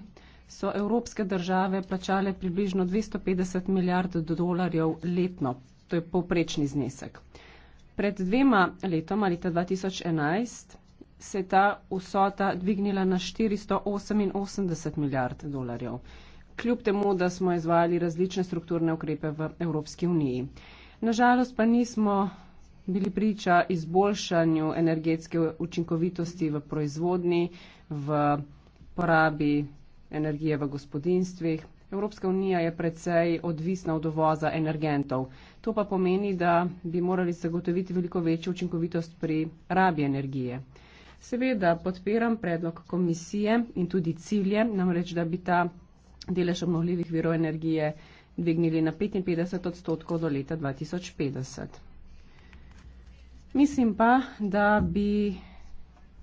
so evropske države plačale približno 250 milijard dolarjev letno. To je povprečni znesek. Pred dvema letoma, leta 2011, se je ta vsota dvignila na 488 milijard dolarjev, kljub temu, da smo izvajali različne strukturne ukrepe v Evropski uniji. Nažalost pa nismo bili priča izboljšanju energetske učinkovitosti v proizvodni, v porabi energije v gospodinstvih, Evropska unija je precej odvisna od dovoza energentov. To pa pomeni, da bi morali zagotoviti veliko večjo učinkovitost pri rabi energije. Seveda podpiram predlog komisije in tudi cilje, namreč da bi ta delež obnovljivih virov energije dvignili na 55 odstotkov do leta 2050. Mislim pa, da bi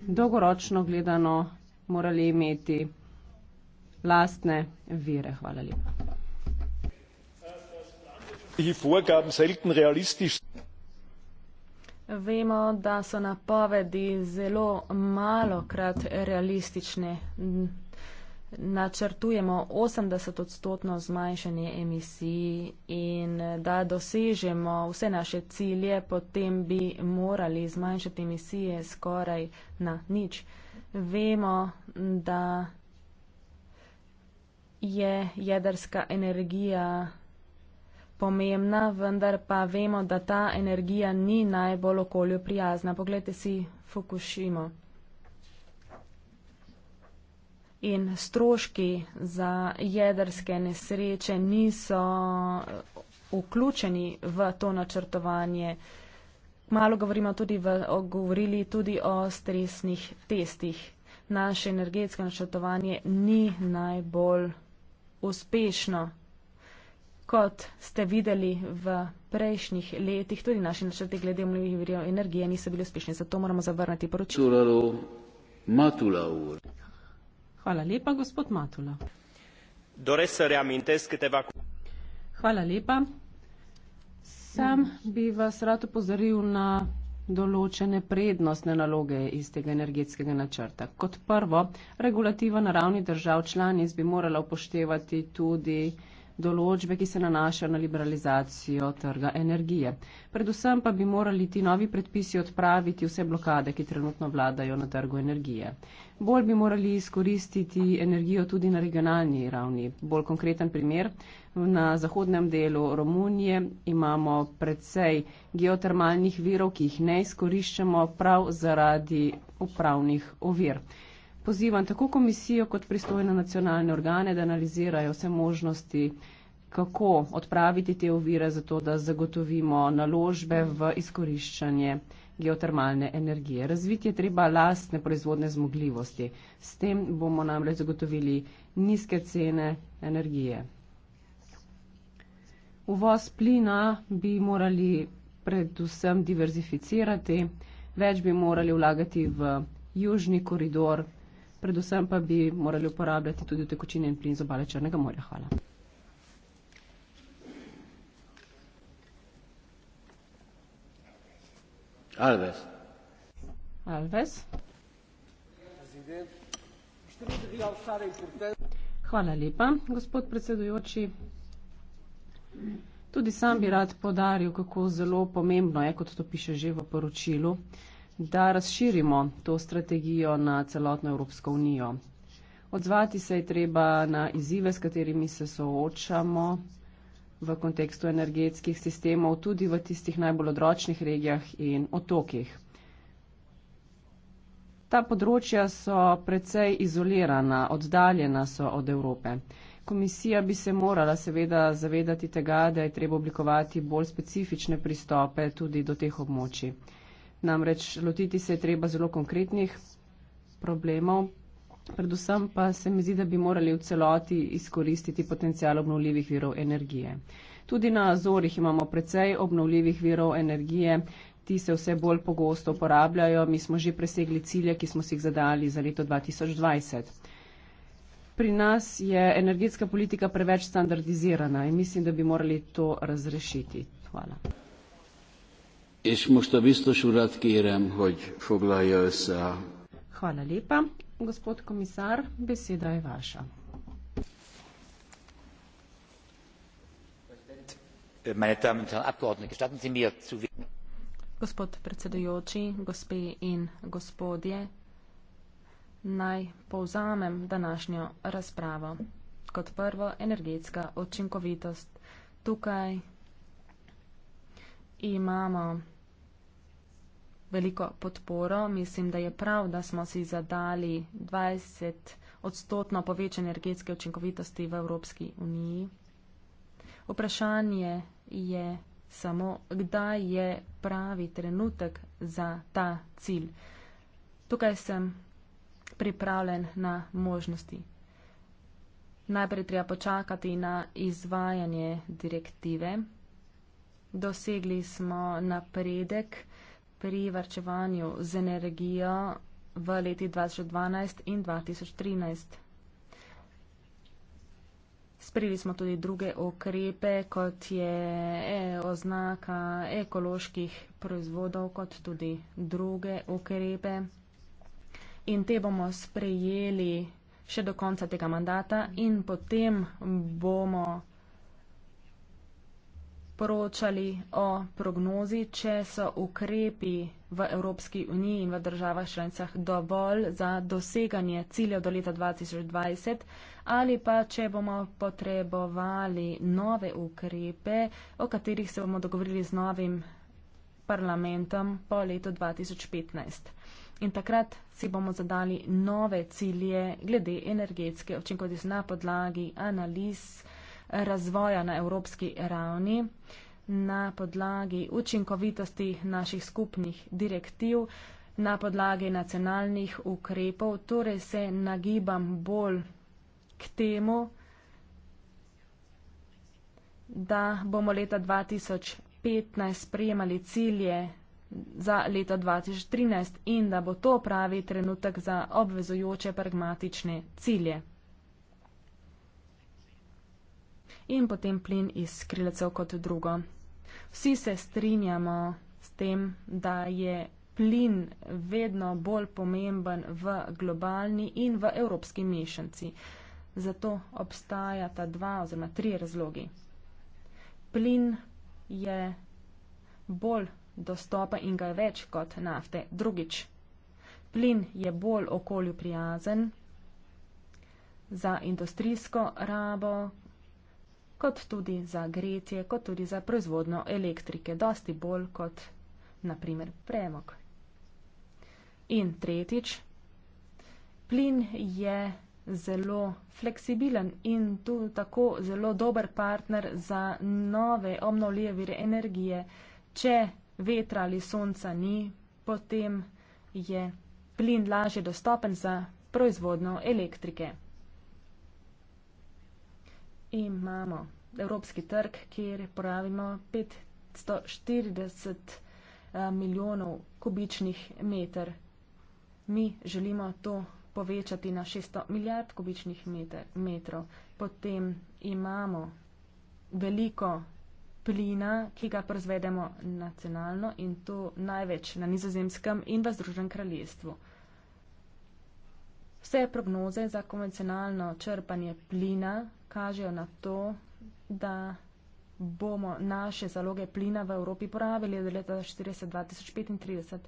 dolgoročno gledano morali imeti lastne vire. Hvala lepa. Vemo, da so napovedi zelo malokrat realistične. Načrtujemo 80 odstotno zmanjšanje emisij in da dosežemo vse naše cilje, potem bi morali zmanjšati emisije skoraj na nič. Vemo, da je jedrska energija pomembna, vendar pa vemo, da ta energija ni najbolj okolju prijazna. Poglejte si Fukushimo. In stroški za jedrske nesreče niso vključeni v to načrtovanje. Malo govorimo tudi v, govorili tudi o stresnih testih. Naše energetsko načrtovanje ni najbolj uspešno, kot ste videli v prejšnjih letih, tudi naši načrti glede mnogih virjev energije niso bili uspešni, zato moramo zavrniti poročilo. Hvala lepa, gospod Matula. Hvala lepa. Sam bi vas rad upozoril na določene prednostne naloge iz tega energetskega načrta. Kot prvo, regulativa na ravni držav članic bi morala upoštevati tudi določbe, ki se nanašajo na liberalizacijo trga energije. Predvsem pa bi morali ti novi predpisi odpraviti vse blokade, ki trenutno vladajo na trgu energije. Bolj bi morali izkoristiti energijo tudi na regionalni ravni. Bolj konkreten primer, na zahodnem delu Romunije imamo predvsej geotermalnih virov, ki jih ne izkoriščamo prav zaradi upravnih ovir pozivam tako komisijo kot pristojne nacionalne organe, da analizirajo vse možnosti, kako odpraviti te ovire za to, da zagotovimo naložbe v izkoriščanje geotermalne energije. Razviti je treba lastne proizvodne zmogljivosti. S tem bomo namreč zagotovili nizke cene energije. Uvoz plina bi morali predvsem diverzificirati, več bi morali vlagati v južni koridor predvsem pa bi morali uporabljati tudi tekočine in plin z obale Črnega morja. Hvala. Alves. Alves. Hvala lepa, gospod predsedujoči. Tudi sam bi rad podaril, kako zelo pomembno je, kot to piše že v poročilu, da razširimo to strategijo na celotno Evropsko unijo. Odzvati se je treba na izzive, s katerimi se soočamo v kontekstu energetskih sistemov, tudi v tistih najbolj odročnih regijah in otokih. Ta področja so precej izolirana, oddaljena so od Evrope. Komisija bi se morala seveda zavedati tega, da je treba oblikovati bolj specifične pristope tudi do teh območij. Namreč lotiti se je treba zelo konkretnih problemov, predvsem pa se mi zdi, da bi morali v celoti izkoristiti potencial obnovljivih virov energije. Tudi na Azorih imamo precej obnovljivih virov energije, ti se vse bolj pogosto uporabljajo, mi smo že presegli cilje, ki smo si jih zadali za leto 2020. Pri nas je energetska politika preveč standardizirana in mislim, da bi morali to razrešiti. Hvala. És most a biztos urat kérem, hogy foglalja össze. Hvala lepa, gospod komisár, beseda je vaša. Gospod predsedujoči, gospe in gospodje, naj povzamem današnjo razpravo. Kot prvo, energetska očinkovitost. Tukaj imamo veliko podporo. Mislim, da je prav, da smo si zadali 20 odstotno povečanje energetske učinkovitosti v Evropski uniji. Vprašanje je samo, kdaj je pravi trenutek za ta cilj. Tukaj sem pripravljen na možnosti. Najprej treba počakati na izvajanje direktive dosegli smo napredek pri varčevanju z energijo v leti 2012 in 2013. Sprili smo tudi druge okrepe, kot je e, oznaka ekoloških proizvodov, kot tudi druge okrepe. In te bomo sprejeli še do konca tega mandata in potem bomo poročali o prognozi, če so ukrepi v Evropski uniji in v državah članicah dovolj za doseganje ciljev do leta 2020 ali pa če bomo potrebovali nove ukrepe, o katerih se bomo dogovorili z novim parlamentom po letu 2015. In takrat si bomo zadali nove cilje glede energetske učinkovitosti na podlagi analiz, razvoja na evropski ravni na podlagi učinkovitosti naših skupnih direktiv, na podlagi nacionalnih ukrepov, torej se nagibam bolj k temu, da bomo leta 2015 sprejemali cilje za leto 2013 in da bo to pravi trenutek za obvezujoče pragmatične cilje. in potem plin iz skrilcev kot drugo. Vsi se strinjamo s tem, da je plin vedno bolj pomemben v globalni in v evropski mešanci. Zato obstajata dva oziroma tri razlogi. Plin je bolj dostopen in ga je več kot nafte. Drugič, plin je bolj okolju prijazen za industrijsko rabo, kot tudi za gretje, kot tudi za proizvodno elektrike, dosti bolj kot naprimer premog. In tretjič, plin je zelo fleksibilen in tudi tako zelo dober partner za nove obnovljive vire energije. Če vetra ali sonca ni, potem je plin lažje dostopen za proizvodno elektrike imamo evropski trg, kjer porabimo 540 eh, milijonov kubičnih meter. Mi želimo to povečati na 600 milijard kubičnih meter, metrov. Potem imamo veliko plina, ki ga proizvedemo nacionalno in to največ na nizozemskem in v Združenem kraljestvu. Vse prognoze za konvencionalno črpanje plina kažejo na to, da bomo naše zaloge plina v Evropi porabili do leta 2040-2035.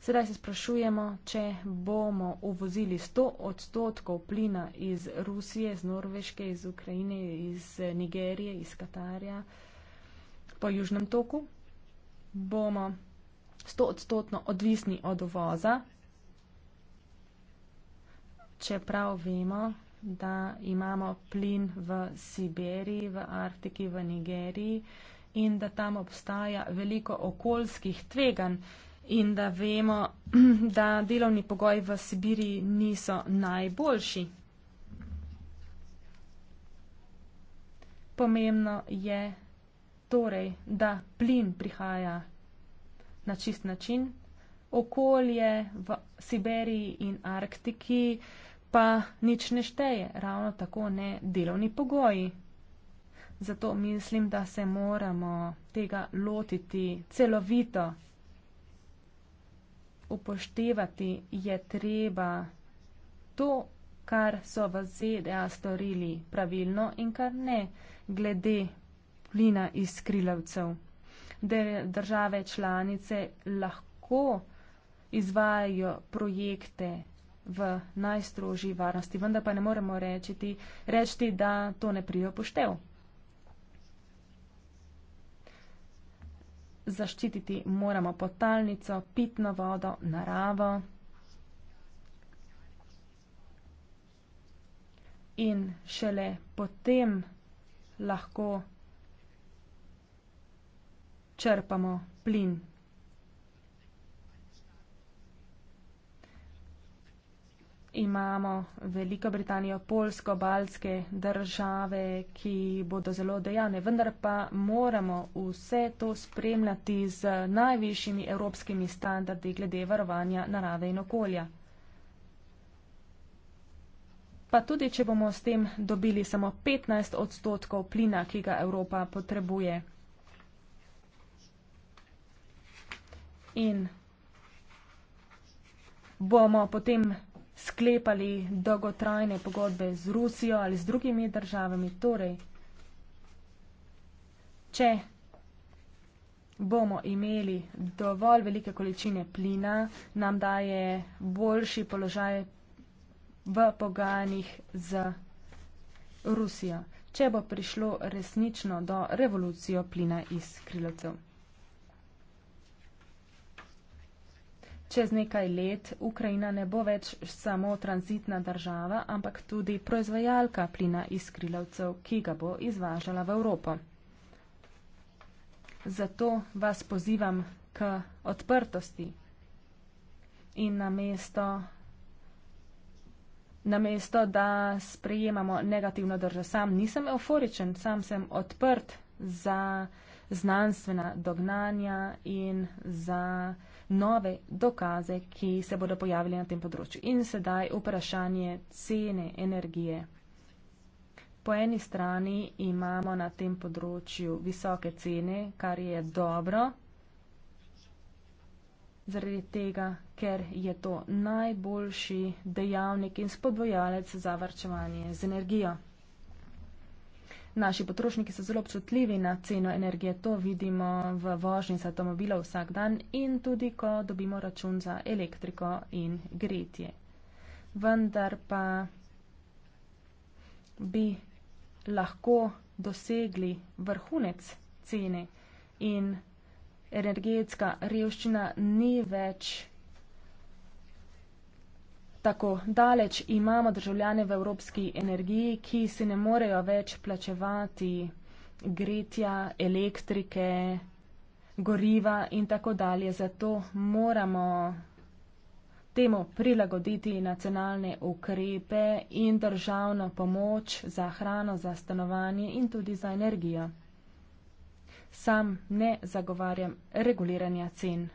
Sedaj se sprašujemo, če bomo uvozili 100 odstotkov plina iz Rusije, iz Norveške, iz Ukrajine, iz eh, Nigerije, iz Katarja po Južnem toku. Bomo 100 odstotno odvisni od uvoza, čeprav vemo, da imamo plin v Sibiriji, v Arktiki, v Nigeriji in da tam obstaja veliko okoljskih tveganj in da vemo, [CLEARS THROAT] da delovni pogoji v Sibiriji niso najboljši. Pomembno je torej, da plin prihaja na čist način. Okolje v Sibiriji in Arktiki pa nič ne šteje, ravno tako ne delovni pogoji. Zato mislim, da se moramo tega lotiti celovito. Upoštevati je treba to, kar so v ZDA storili pravilno in kar ne, glede plina iz skrilavcev. Države članice lahko izvajajo projekte v najstrožji varnosti, vendar pa ne moremo rečiti, rečiti da to ne prijo poštev. Zaščititi moramo potalnico, pitno vodo, naravo in šele potem lahko črpamo plin imamo Veliko Britanijo, Polsko, Balske države, ki bodo zelo dejane, vendar pa moramo vse to spremljati z najvišjimi evropskimi standardi glede varovanja narave in okolja. Pa tudi, če bomo s tem dobili samo 15 odstotkov plina, ki ga Evropa potrebuje. In bomo potem sklepali dolgotrajne pogodbe z Rusijo ali z drugimi državami. Torej, če bomo imeli dovolj velike količine plina, nam daje boljši položaj v pogajanjih z Rusijo, če bo prišlo resnično do revolucijo plina iz krilcev. čez nekaj let Ukrajina ne bo več samo tranzitna država, ampak tudi proizvajalka plina iz krilavcev, ki ga bo izvažala v Evropo. Zato vas pozivam k odprtosti in namesto, namesto da sprejemamo negativno držo. Sam nisem euforičen, sam sem odprt za znanstvena dognanja in za nove dokaze, ki se bodo pojavili na tem področju. In sedaj vprašanje cene energije. Po eni strani imamo na tem področju visoke cene, kar je dobro, zaradi tega, ker je to najboljši dejavnik in spodbojalec za varčevanje z energijo. Naši potrošniki so zelo občutljivi na ceno energije. To vidimo v vožnji z avtomobila vsak dan in tudi, ko dobimo račun za elektriko in gretje. Vendar pa bi lahko dosegli vrhunec cene in energetska revščina ni več tako daleč imamo državljane v evropski energiji, ki si ne morejo več plačevati gretja, elektrike, goriva in tako dalje. Zato moramo temu prilagoditi nacionalne ukrepe in državno pomoč za hrano, za stanovanje in tudi za energijo. Sam ne zagovarjam reguliranja cen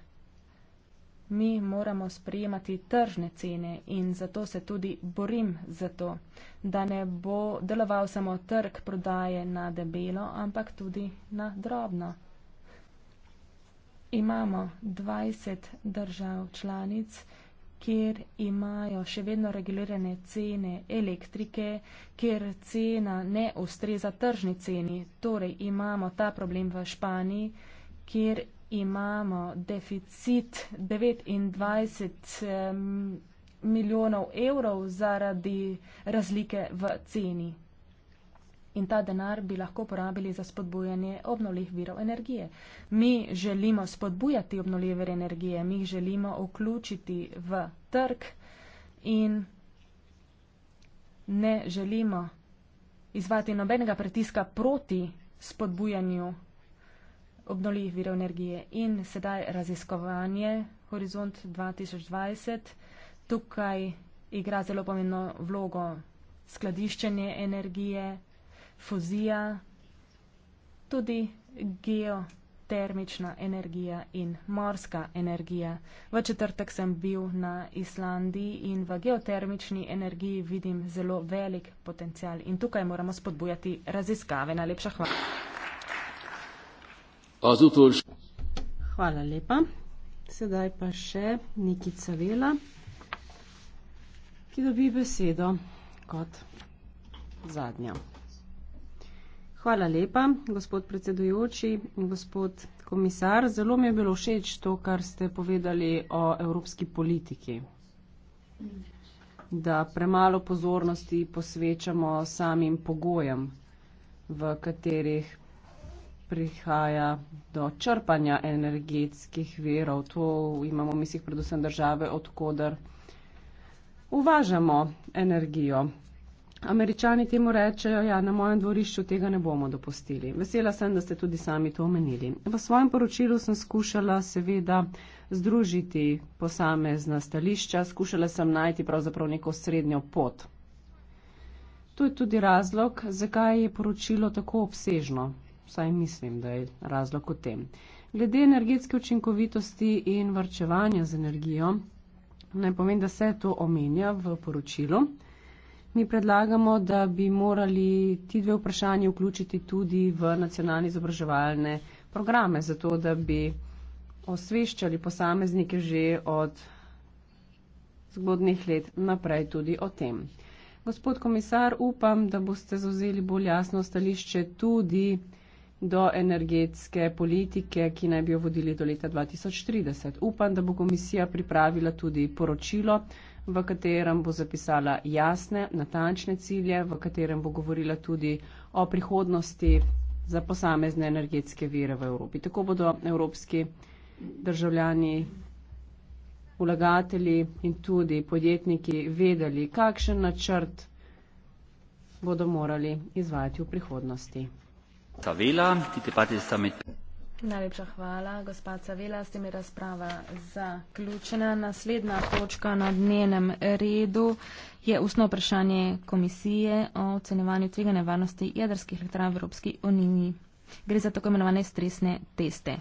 mi moramo sprejemati tržne cene in zato se tudi borim za to, da ne bo deloval samo trg prodaje na debelo, ampak tudi na drobno. Imamo 20 držav članic, kjer imajo še vedno regulirane cene elektrike, kjer cena ne ustreza tržni ceni. Torej imamo ta problem v Španiji, kjer imamo deficit 29 um, milijonov evrov zaradi razlike v ceni. In ta denar bi lahko porabili za spodbujanje obnovljih virov energije. Mi želimo spodbujati obnovljive vire energije, mi jih želimo vključiti v trg in ne želimo izvati nobenega pritiska proti spodbujanju obnovljivih virov energije. In sedaj raziskovanje Horizont 2020. Tukaj igra zelo pomembno vlogo skladiščenje energije, fuzija, tudi geotermična energija in morska energija. V četrtek sem bil na Islandiji in v geotermični energiji vidim zelo velik potencial in tukaj moramo spodbujati raziskave. Najlepša hvala. Az utolsó. Hvala lepa. Sedaj pa še Nikica Vela, ki dobi besedo kot zadnja. Hvala lepa, gospod predsedujoči in gospod komisar. Zelo mi je bilo všeč to, kar ste povedali o evropski politiki. Da premalo pozornosti posvečamo samim pogojem, v katerih prihaja do črpanja energetskih verov. To imamo v mislih predvsem države, odkudar uvažamo energijo. Američani temu rečejo, ja, na mojem dvorišču tega ne bomo dopustili. Vesela sem, da ste tudi sami to omenili. V svojem poročilu sem skušala seveda združiti posamezna stališča, skušala sem najti pravzaprav neko srednjo pot. To je tudi razlog, zakaj je poročilo tako obsežno. Vsaj mislim, da je razlog v tem. Glede energetske učinkovitosti in varčevanja z energijo, naj povem, da se to omenja v poročilu. Mi predlagamo, da bi morali ti dve vprašanje vključiti tudi v nacionalne izobraževalne programe, zato da bi osveščali posameznike že od zgodnih let naprej tudi o tem. Gospod komisar, upam, da boste zauzeli bolj jasno stališče tudi do energetske politike, ki naj bi jo vodili do leta 2030. Upam, da bo komisija pripravila tudi poročilo, v katerem bo zapisala jasne, natančne cilje, v katerem bo govorila tudi o prihodnosti za posamezne energetske vire v Evropi. Tako bodo evropski državljani, vlagatelji in tudi podjetniki vedeli, kakšen načrt bodo morali izvajati v prihodnosti. Cavela. Die Debatte ist damit Najlepša hvala, gospa Cavela. S tem je razprava zaključena. Naslednja točka na dnevnem redu je ustno vprašanje komisije o ocenjevanju tveganja varnosti jedrskih elektrarn v Evropski uniji. Gre za tako imenovane stresne teste.